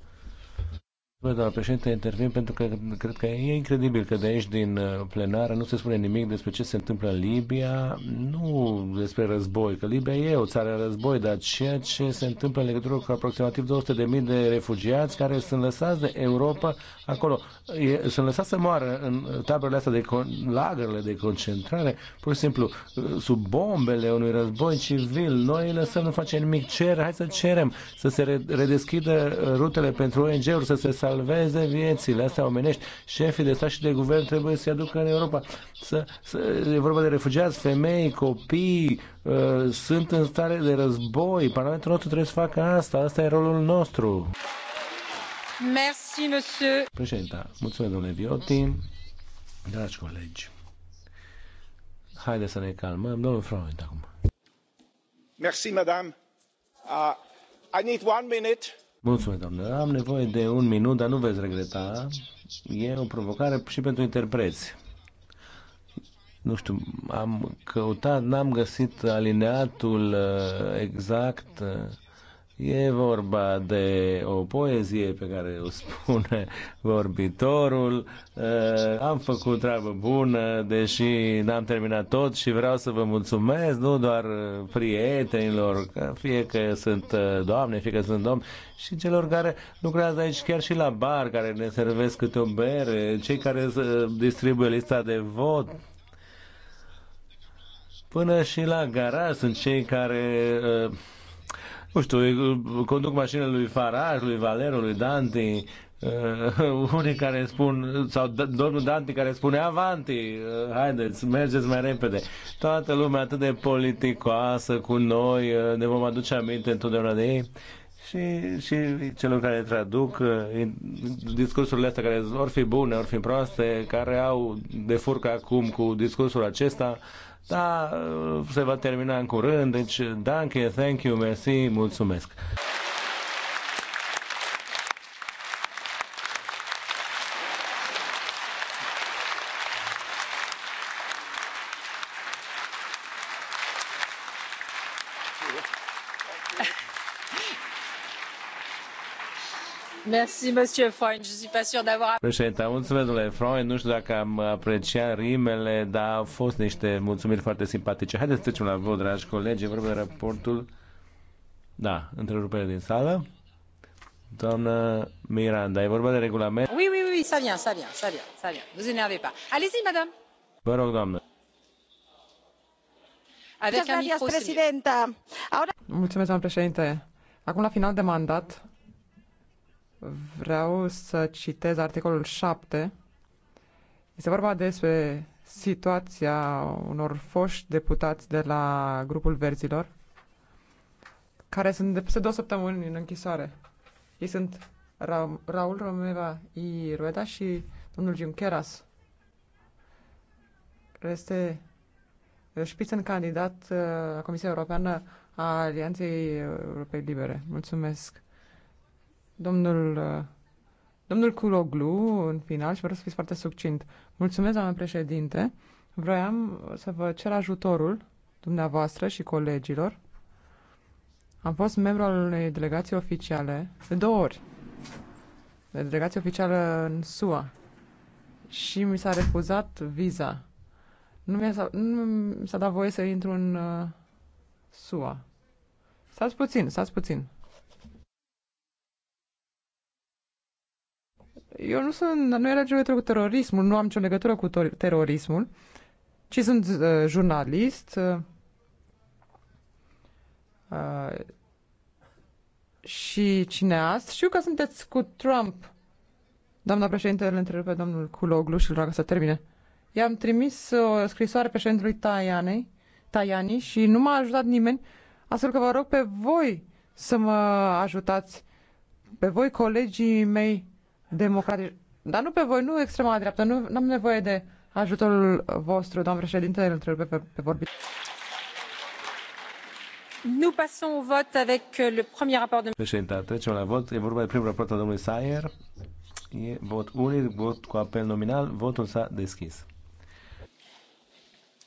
Speaker 2: Doamna președinte, intervin pentru că cred că e incredibil că de aici, din uh, plenară, nu se spune nimic despre ce se întâmplă în Libia, nu despre război, că Libia e o țară război, dar ceea ce se întâmplă în legătură cu aproximativ 200.000 de refugiați care sunt lăsați de Europa acolo. E, sunt lăsați să moară în taberele astea de con- lagările de concentrare, pur și simplu uh, sub bombele unui război civil. Noi lăsăm, nu facem nimic. Cer, hai să cerem să se redeschidă uh, rutele pentru ONG-uri, să se sal salveze viețile astea omenești. Șefii de stat și de guvern trebuie să-i aducă în Europa. Să, să, e vorba de refugiați, femei, copii, uh, sunt în stare de război. Parlamentul nostru trebuie să facă asta. Asta e rolul nostru.
Speaker 3: Merci, monsieur.
Speaker 2: Președinte, mulțumesc, domnule Vioti. Dragi colegi, haideți să ne calmăm. Domnul Freund, acum.
Speaker 3: Merci, madame. Uh, I need one minute
Speaker 2: Mulțumesc, doamne. Am nevoie de un minut, dar nu veți regreta. E o provocare și pentru interpreți. Nu știu, am căutat, n-am găsit alineatul uh, exact uh, E vorba de o poezie pe care o spune vorbitorul. Eh, am făcut treabă bună, deși n-am terminat tot și vreau să vă mulțumesc, nu doar eh, prietenilor, fie că sunt eh, doamne, fie că sunt domn, și celor care lucrează aici chiar și la bar, care ne servesc câte o bere, cei care distribuie lista de vot, până și la garaj sunt cei care uh, nu știu, conduc mașinile lui Faraj, lui Valero, lui Dante, uh, (laughs) unii care spun, sau domnul Dante care spune, avanti, uh, haideți, mergeți mai repede. Toată lumea atât de politicoasă cu noi, uh, ne vom aduce aminte întotdeauna de ei. Și, și celor care traduc uh, discursurile astea care vor fi bune, vor fi proaste, care au de furcă acum cu discursul acesta, uh, da, se va termina în curând, deci danke, thank you, merci, mulțumesc.
Speaker 3: Merci, monsieur Freund. Je
Speaker 2: Președinte, mulțumesc, domnule Froy. Nu știu dacă am apreciat rimele, dar au fost niște mulțumiri foarte simpatice. Haideți să trecem la vot, dragi colegi. E vorba de raportul... Da, întrerupere din sală. Doamnă Miranda, e vorba de regulament?
Speaker 3: Oui, oui, oui, ça vient, ça vient, ça vient, ça vient. Vous énervez pas. Allez-y, madame.
Speaker 1: Vă rog, doamnă.
Speaker 3: Avec un micro,
Speaker 1: Mulțumesc, doamnă președinte. Acum, la final de mandat, vreau să citez articolul 7. Este vorba despre situația unor foști deputați de la grupul verzilor, care sunt de peste două săptămâni în închisoare. Ei sunt Ra- Raul Romeva I. Rueda și domnul Junqueras. Este în candidat uh, la Comisia Europeană a Alianței Europei Libere. Mulțumesc! Domnul, uh, domnul Culoglu, în final, și vreau să fiți foarte succint. Mulțumesc, doamnă președinte. Vroiam să vă cer ajutorul dumneavoastră și colegilor. Am fost membru al unei delegații oficiale de două ori. De delegație oficială în SUA. Și mi s-a refuzat viza. Nu mi, a nu mi s-a dat voie să intru în uh, SUA. Stați puțin, stați puțin. Eu nu sunt, nu era nicio legătură cu terorismul, nu am nicio legătură cu terorismul, ci sunt uh, jurnalist uh, uh, și cineast. Știu că sunteți cu Trump. Doamna președinte, îl întrerupe domnul Culoglu și îl roagă să termine. I-am trimis o scrisoare președintelui Taianei, Taiani și nu m-a ajutat nimeni, astfel că vă rog pe voi să mă ajutați, pe voi colegii mei democratici. Dar nu pe voi, nu extrema dreaptă, nu am nevoie de ajutorul vostru, doamnă președinte, îl întreb pe, pe, pe vorbit. Nous
Speaker 3: passons au vote avec euh, le premier rapport de...
Speaker 2: Președinte, trecem la vot. E vorba de primul raport al domnului Sayer. E vot unic, vot cu apel nominal. Votul s-a deschis.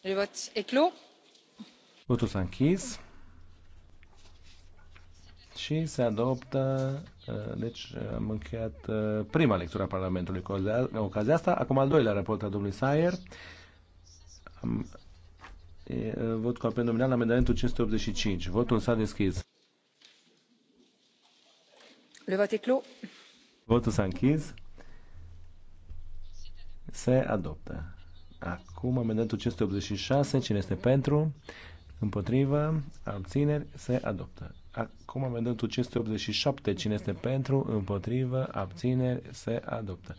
Speaker 3: Le vot est clos.
Speaker 2: Votul s-a închis și se adoptă, uh, deci uh, am încheiat uh, prima lectură a Parlamentului cu ocazia asta. Acum al doilea raport al domnului Sayer. vot cu apel nominal la amendamentul 585. Votul s-a deschis. Le vote clos. Votul s-a închis. Se adoptă. Acum amendamentul 586. Cine este pentru? Împotrivă, abțineri, se adoptă. Acum amendamentul 587. Cine este pentru, împotrivă, abțineri, se adoptă.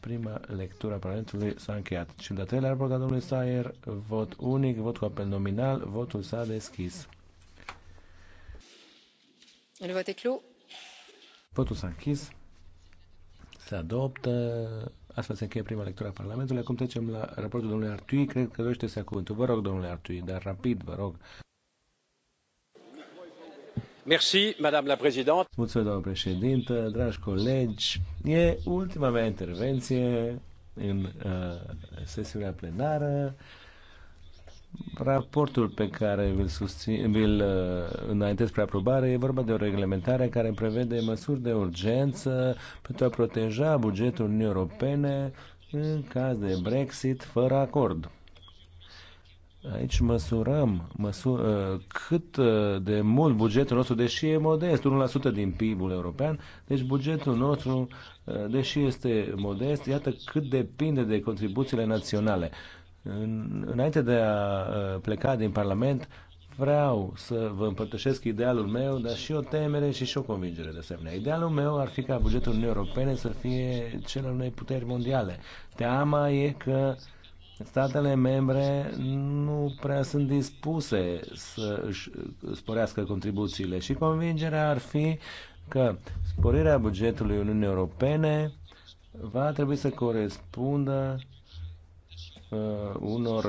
Speaker 2: Prima lectură a Parlamentului s-a încheiat. Și de-a treilea raport al domnului Sayer, vot unic, vot cu apel nominal, votul s-a deschis.
Speaker 3: Le vot clou. clos.
Speaker 2: Votul s-a închis. Se adoptă. Asta se încheie prima lectură a Parlamentului. Acum trecem la raportul domnului Artui. Cred că dorește să ia cuvântul. Vă rog, domnule Artui, dar rapid, vă rog. Mulțumesc, doamnă președintă, dragi colegi. E ultima mea intervenție în uh, sesiunea plenară. Raportul pe care vi-l, susțin, vi-l uh, înaintez spre aprobare e vorba de o reglementare care prevede măsuri de urgență pentru a proteja bugetul Uniunii Europene în caz de Brexit fără acord. Aici măsurăm măsur, ă, cât ă, de mult bugetul nostru, deși e modest, 1% din PIB-ul european, deci bugetul nostru, ă, deși este modest, iată cât depinde de contribuțiile naționale. În, înainte de a pleca din Parlament, vreau să vă împărtășesc idealul meu, dar și o temere și și o convingere de asemenea. Idealul meu ar fi ca bugetul Uniunii Europene să fie cel al unei puteri mondiale. Teama e că uh, statele membre nu prea sunt dispuse să își sporească contribuțiile și convingerea ar fi că sporirea bugetului Uniunii Europene va trebui să corespundă Uh, unor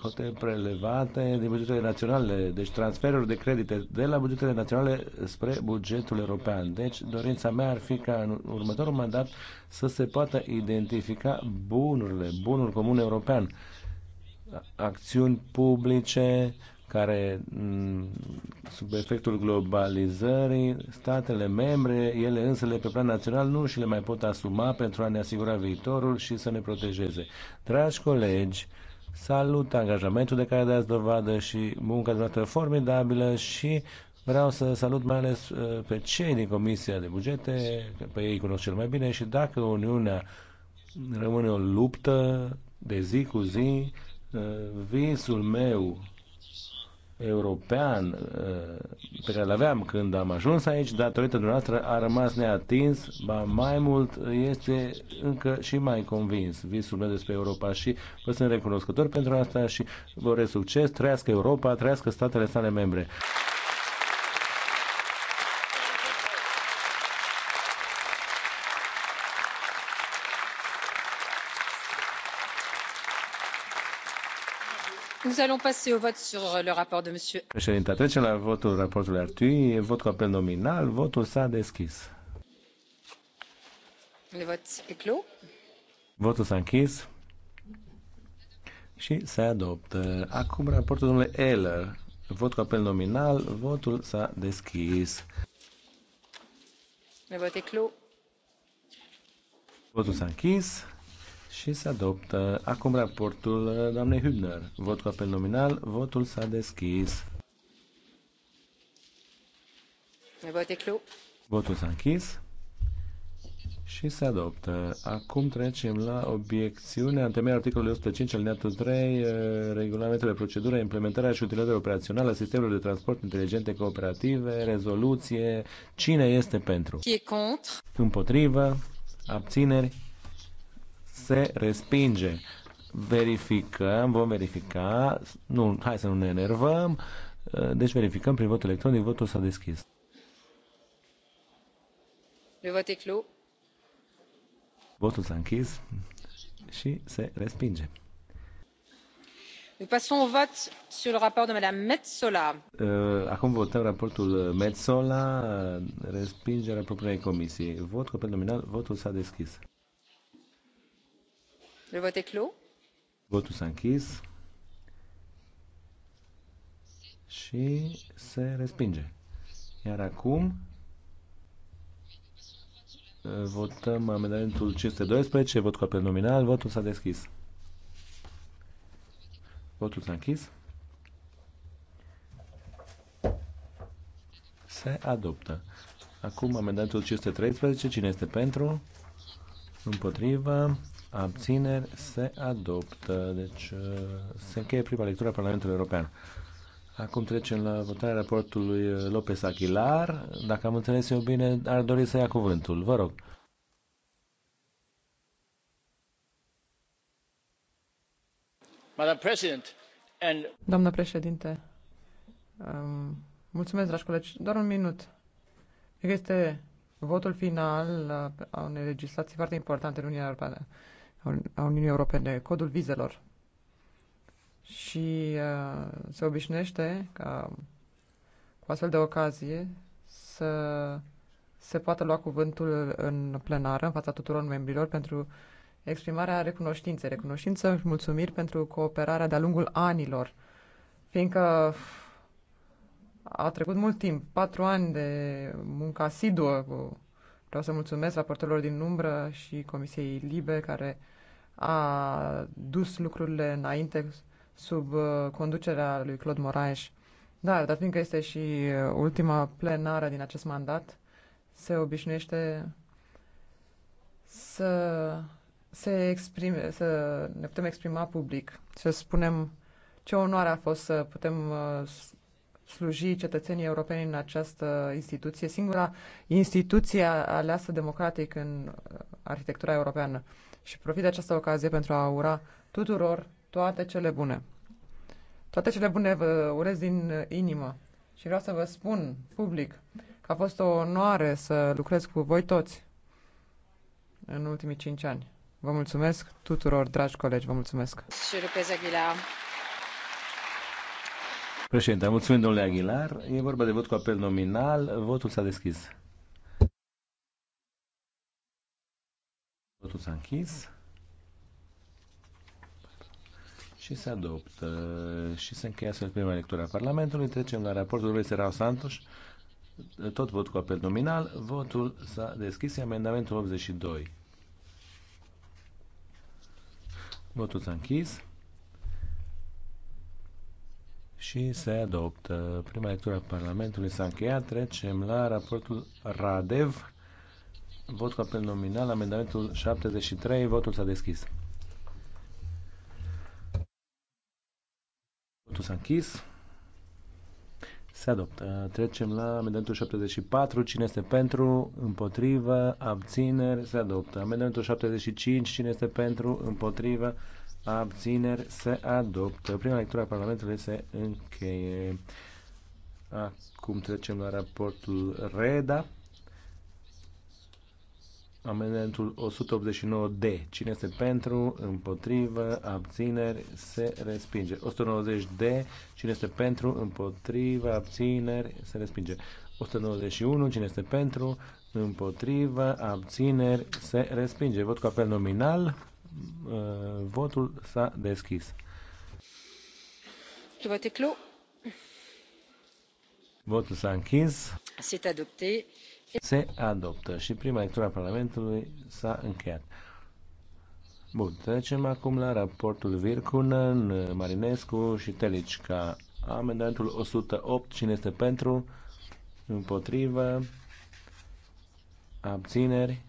Speaker 2: cote uh, prelevate din bugetele naționale, deci transferuri de credite de la bugetele naționale spre bugetul european. Deci dorința mea ar fi ca în următorul mandat să se poată identifica bunurile, bunul comun european, acțiuni publice, care mm, sub efectul globalizării, statele membre, ele însele pe plan național nu și le mai pot asuma pentru a ne asigura viitorul și să ne protejeze. Dragi colegi, salut angajamentul de care dați dovadă și munca dumneavoastră formidabilă și vreau să salut mai ales uh, pe cei din Comisia de Bugete, pe ei cunosc cel mai bine și dacă Uniunea rămâne o luptă de zi cu zi, uh, visul meu european uh, pe care îl aveam când am ajuns aici, datorită dumneavoastră, a rămas neatins, ba mai mult este încă și mai convins visul meu despre Europa și vă sunt recunoscător pentru asta și vă urez succes, trăiască Europa, trăiască statele sale membre. Președinte, trecem la votul raportului Artui. Vot cu apel nominal. Votul s-a deschis. Votul s-a închis și se adoptă. Acum raportul domnului Eller. Vot cu apel nominal. Votul s-a deschis. Votul s-a închis și se adoptă. Acum raportul doamnei Hübner. Vot cu apel nominal. Votul s-a deschis. Votul s-a închis și se adoptă. Acum trecem la obiecțiunea în temeiul articolului 105 alineatul 3, eh, regulamentul de procedură, implementarea și utilizarea operațională a sistemelor de transport inteligente cooperative, rezoluție, cine este pentru? Împotrivă, abțineri, se respinge. Verificăm, vom verifica, nu, hai să nu ne enervăm, deci verificăm prin vot electronic, votul s-a deschis.
Speaker 3: Le vot e clos.
Speaker 2: Votul s-a închis și se respinge.
Speaker 1: Nous passons au vote sur le rapport de Madame Metsola.
Speaker 2: Uh, acum votăm raportul Metzola, uh, respingerea propriei comisii. Vot cu nominal, votul s-a deschis. Votul s-a închis și se respinge. Iar acum votăm amendamentul 512, vot cu apel nominal, votul s-a deschis. Votul s-a închis. Se adoptă. Acum amendamentul 513, cine este pentru? Împotriva, abțineri, se adoptă. Deci uh, se încheie prima lectură a Parlamentului European. Acum trecem la votarea raportului uh, Lopez Aguilar. Dacă am înțeles eu bine, ar dori să ia cuvântul. Vă rog.
Speaker 1: Doamnă președinte, um, mulțumesc, dragi colegi. Doar un minut. Este votul final uh, a unei legislații foarte importante în Uniunea Europeană a Uniunii Europene, codul vizelor. Și uh, se obișnuiește ca cu astfel de ocazie să se poată lua cuvântul în plenară, în fața tuturor membrilor, pentru exprimarea recunoștinței. Recunoștință și mulțumiri pentru cooperarea de-a lungul anilor, fiindcă a trecut mult timp, patru ani de muncă asiduă. Vreau să mulțumesc raportorilor din umbră și Comisiei Libe, care a dus lucrurile înainte sub uh, conducerea lui Claude Moraes. Da, dar fiindcă este și uh, ultima plenară din acest mandat, se obișnuiește să se exprime, să ne putem exprima public, să spunem ce onoare a fost să putem uh, sluji cetățenii europeni în această instituție, singura instituție aleasă democratic în arhitectura europeană și profit de această ocazie pentru a ura tuturor toate cele bune. Toate cele bune vă urez din inimă și vreau să vă spun public că a fost o onoare să lucrez cu voi toți în ultimii cinci ani. Vă mulțumesc tuturor, dragi colegi, vă mulțumesc. Și Lopez Aguilar.
Speaker 2: Președinte, mulțumim domnule Aguilar. E vorba de vot cu apel nominal. Votul s-a deschis. Votul s-a închis. Și se adoptă și se încheie astfel prima lectură a Parlamentului. Trecem la raportul lui Serau Santos. Tot vot cu apel nominal. Votul s-a deschis. Amendamentul 82. Votul s-a închis și se adoptă. Prima lectură a Parlamentului s-a încheiat. Trecem la raportul Radev. Vot cu apel nominal, amendamentul 73, votul s-a deschis. Votul s-a închis. Se adoptă. Trecem la amendamentul 74. Cine este pentru? Împotrivă? Abțineri? Se adoptă. Amendamentul 75. Cine este pentru? Împotrivă? Abțineri? Se adoptă. Prima lectură a Parlamentului se încheie. Acum trecem la raportul REDA. Amendamentul 189D. Cine este pentru, împotrivă, abțineri, se respinge. 190D. Cine este pentru, împotrivă, abțineri, se respinge. 191. Cine este pentru, împotrivă, abțineri, se respinge. Vot cu apel nominal. Uh, votul s-a deschis. Votul s-a închis se adoptă și prima lectură a Parlamentului s-a încheiat. Bun, trecem acum la raportul Virkunen, Marinescu și Telicca? amendamentul 108. Cine este pentru? Împotrivă? Abțineri?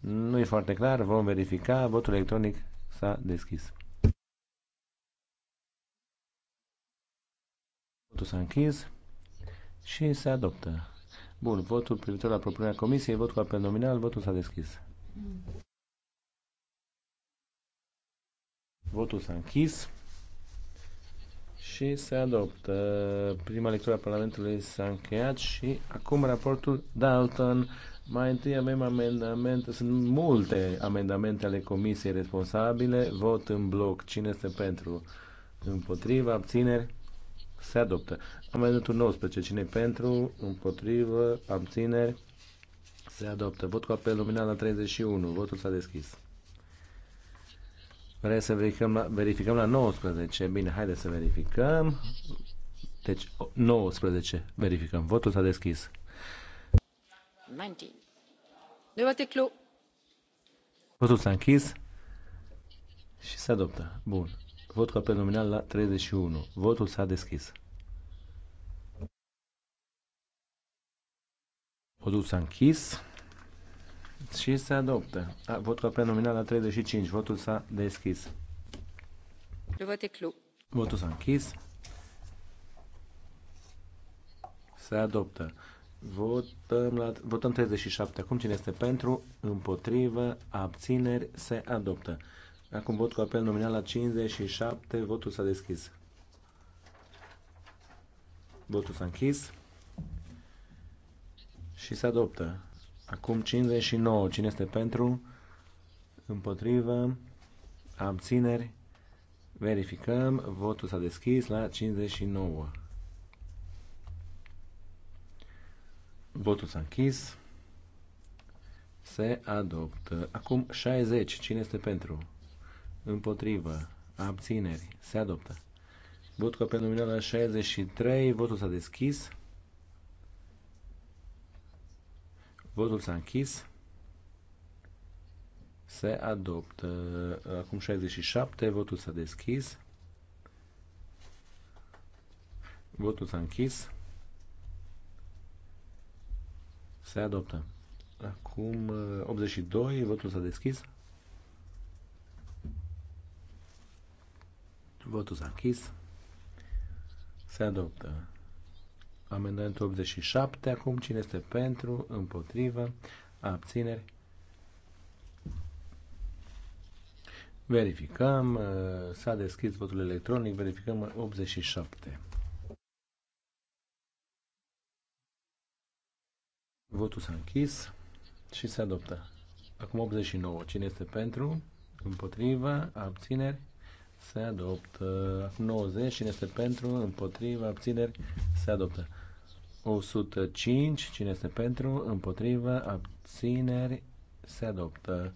Speaker 2: Nu e foarte clar, vom verifica. Votul electronic s-a deschis. Votul s-a închis și se adoptă. Bun, votul privitor la propunerea comisiei, vot cu apel nominal, votul s-a deschis. Votul s-a închis și se adoptă. Prima lectură a Parlamentului s-a încheiat și acum raportul Dalton. Mai întâi avem amendamente, sunt multe amendamente ale comisiei responsabile, vot în bloc, cine este pentru, împotriva, abțineri se adoptă. Amendamentul 19, cine pentru, împotrivă, abțineri, se adoptă. Vot cu apel nominal la 31, votul s-a deschis. Vrei să verificăm la, verificăm la 19, bine, haide să verificăm. Deci 19, verificăm, votul s-a deschis. 19. Votul s-a închis și se adoptă. Bun. Vot pe apel nominal la 31. Votul s-a deschis. Votul s-a închis și se adoptă. A, votul apel nominal la 35. Votul s-a deschis. vot Votul s-a închis. Se adoptă. Votăm, la, votăm 37. Acum cine este pentru, împotrivă, abțineri, se adoptă. Acum vot cu apel nominal la 57. Votul s-a deschis. Votul s-a închis. Și se adoptă. Acum 59. Cine este pentru? Împotrivă? Abțineri? Verificăm. Votul s-a deschis la 59. Votul s-a închis. Se adoptă. Acum 60. Cine este pentru? împotrivă, abțineri, se adoptă. Vot cu apel la 63, votul s-a deschis. Votul s-a închis. Se adoptă. Acum 67, votul s-a deschis. Votul s-a închis. Se adoptă. Acum 82, uh, votul s-a deschis. Votul s-a închis. Se adoptă. Amendamentul 87. Acum cine este pentru, împotrivă, abțineri? Verificăm. S-a deschis votul electronic. Verificăm 87. Votul s-a închis și se adoptă. Acum 89. Cine este pentru? împotrivă, Abțineri? se adoptă. 90, cine este pentru, împotriva, abțineri, se adoptă. 105, cine este pentru, împotriva, abțineri, se adoptă.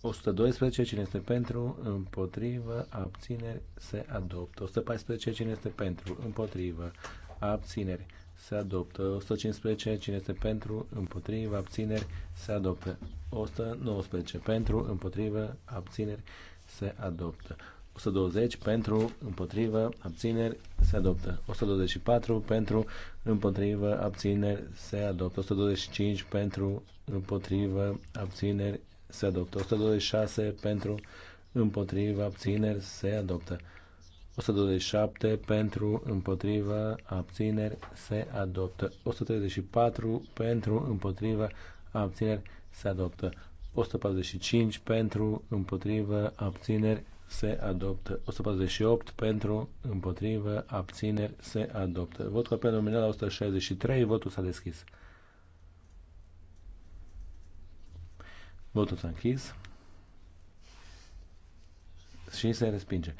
Speaker 2: 112, cine este pentru, împotriva, abțineri, se adoptă. 114, cine este pentru, împotriva, abțineri, se adoptă. 115, cine este pentru, împotriva, abțineri, se adoptă. 119, pentru, împotriva, abțineri, se adoptă. 120 pentru, împotrivă, abțineri, se adoptă. 124 pentru, împotrivă, abțineri, se adoptă. 125 pentru, împotrivă, abțineri, se adoptă. 126 pentru, împotrivă, abțineri, se adoptă. 127 pentru, împotrivă, abțineri, se adoptă. 134 pentru, împotrivă, abțineri, se adoptă. 145 pentru, împotrivă, abțineri, se adoptă. 148 pentru, împotrivă, abțineri, se adoptă. Vot pe nominal 163, votul s-a deschis. Votul s-a închis și se respinge.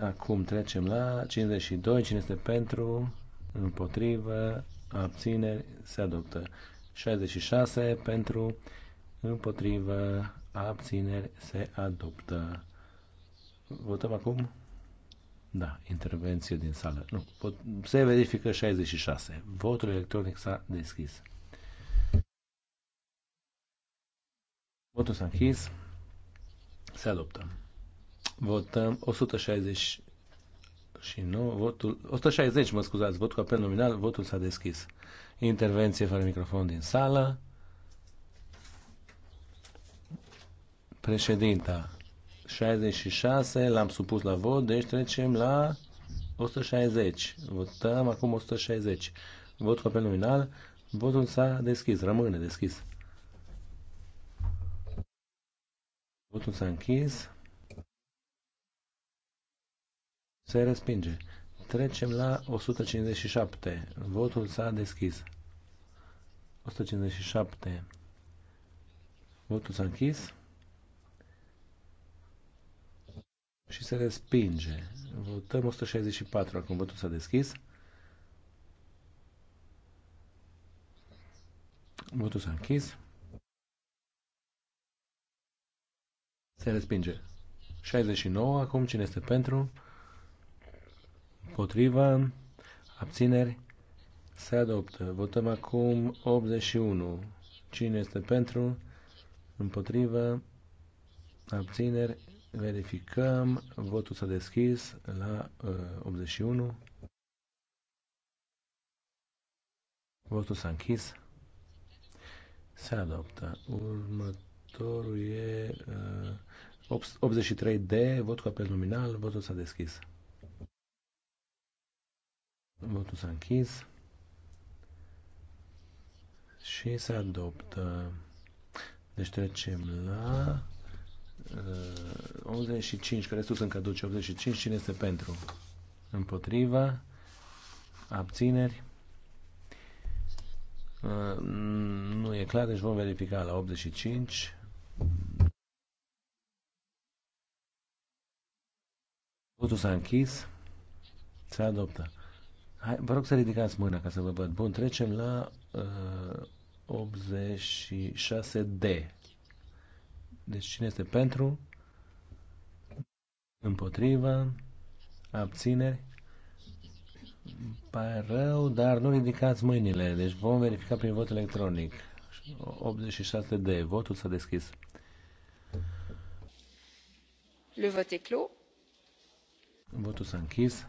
Speaker 2: Acum trecem la 52, cine este pentru, împotrivă, abțineri, se adoptă. 66 pentru, împotrivă, abțineri, se adoptă. Votăm acum? Da, intervenție din sală. Nu, pot, se verifică 66. Votul electronic s-a deschis. Votul s-a închis. Se adoptă. Votăm 160 și nu, votul, 160, mă scuzați, votul cu apel nominal, votul s-a deschis. Intervenție fără microfon din sală. Președinta, 66 l-am supus la vot, deci trecem la 160. Votăm acum 160. Vot pe apel nominal. Votul s-a deschis, rămâne deschis. Votul s-a închis. Se respinge. Trecem la 157. Votul s-a deschis. 157. Votul s-a închis. și se respinge. Votăm 164. Acum votul s-a deschis. Votul s-a închis. Se respinge. 69. Acum cine este pentru? Potriva. Abțineri. Se adoptă. Votăm acum 81. Cine este pentru? Împotrivă. Abțineri. Verificăm. Votul s-a deschis la uh, 81. Votul s-a închis. Se adoptă. Următorul e uh, 83D, vot cu apel nominal, votul s-a deschis. Votul s-a închis și se adoptă. Deci trecem la 85, uh, care sus în caduce, 85, cine este pentru? Împotriva, abțineri, uh, nu e clar, deci vom verifica la 85. Votul s-a închis, se adoptă. Hai, vă rog să ridicați mâna ca să vă văd. Bun, trecem la uh, 86D. Deci cine este pentru? Împotrivă? Abțineri? Pare rău, dar nu ridicați mâinile. Deci vom verifica prin vot electronic. 86 de. Votul s-a deschis.
Speaker 3: Le vot e clos.
Speaker 2: Votul s-a închis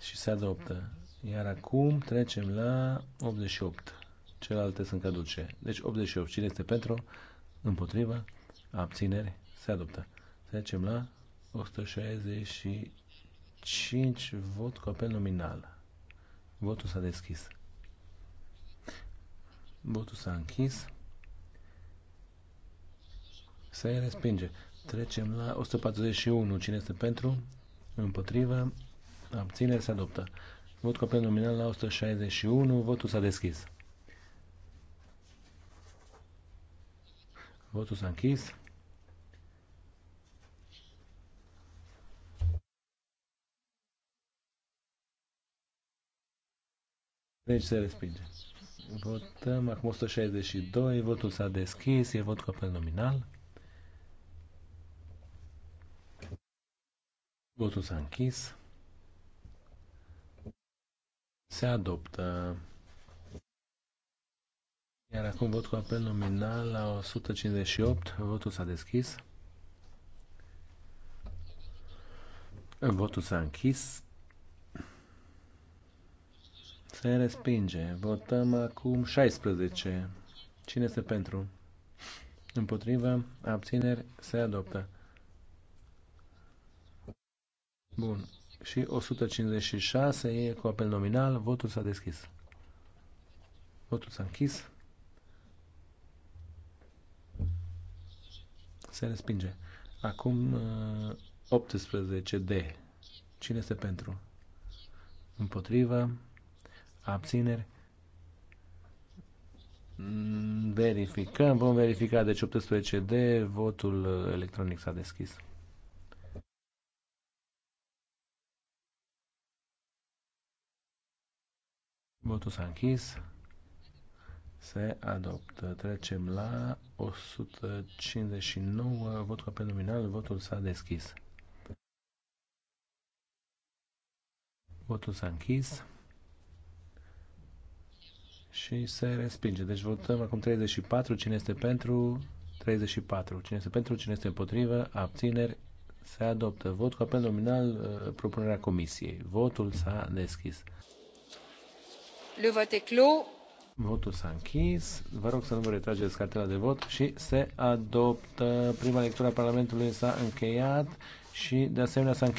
Speaker 2: și se adoptă. Iar acum trecem la 88. Celelalte sunt caduce. Deci 88. Cine este pentru? împotriva, abținere. se adoptă. Trecem la 165 vot cu apel nominal. Votul s-a deschis. Votul s-a închis. Se respinge. Trecem la 141. Cine este pentru? Împotriva. Abținere Se adoptă. Vot cu apel nominal la 161. Votul s-a deschis. Votul s-a închis. Deci se respinge. Votăm acum 162, votul s-a deschis, e vot cu apel nominal. Votul s-a închis. Se adoptă. Iar acum vot cu apel nominal la 158. Votul s-a deschis. Votul s-a închis. Se respinge. Votăm acum 16. Cine este pentru? Împotriva, abțineri, se adoptă. Bun. Și 156 e cu apel nominal. Votul s-a deschis. Votul s-a închis. Se respinge. Acum 18D. Uh, Cine este pentru? Împotrivă. Abțineri. Mm, verificăm, vom verifica. Deci 18D, votul uh, electronic s-a deschis. Votul s-a închis se adoptă. Trecem la 159, votul pe nominal, votul s-a deschis. Votul s-a închis și se respinge. Deci votăm acum 34, cine este pentru, 34, cine este pentru, cine este împotrivă, abțineri, se adoptă. Vot cu apel nominal, uh, propunerea comisiei. Votul s-a deschis.
Speaker 3: Le vote clos.
Speaker 2: Votul s-a închis. Vă rog să nu vă retrageți cartela de vot și se adoptă. Prima lectură a Parlamentului s-a încheiat și de asemenea s-a încheiat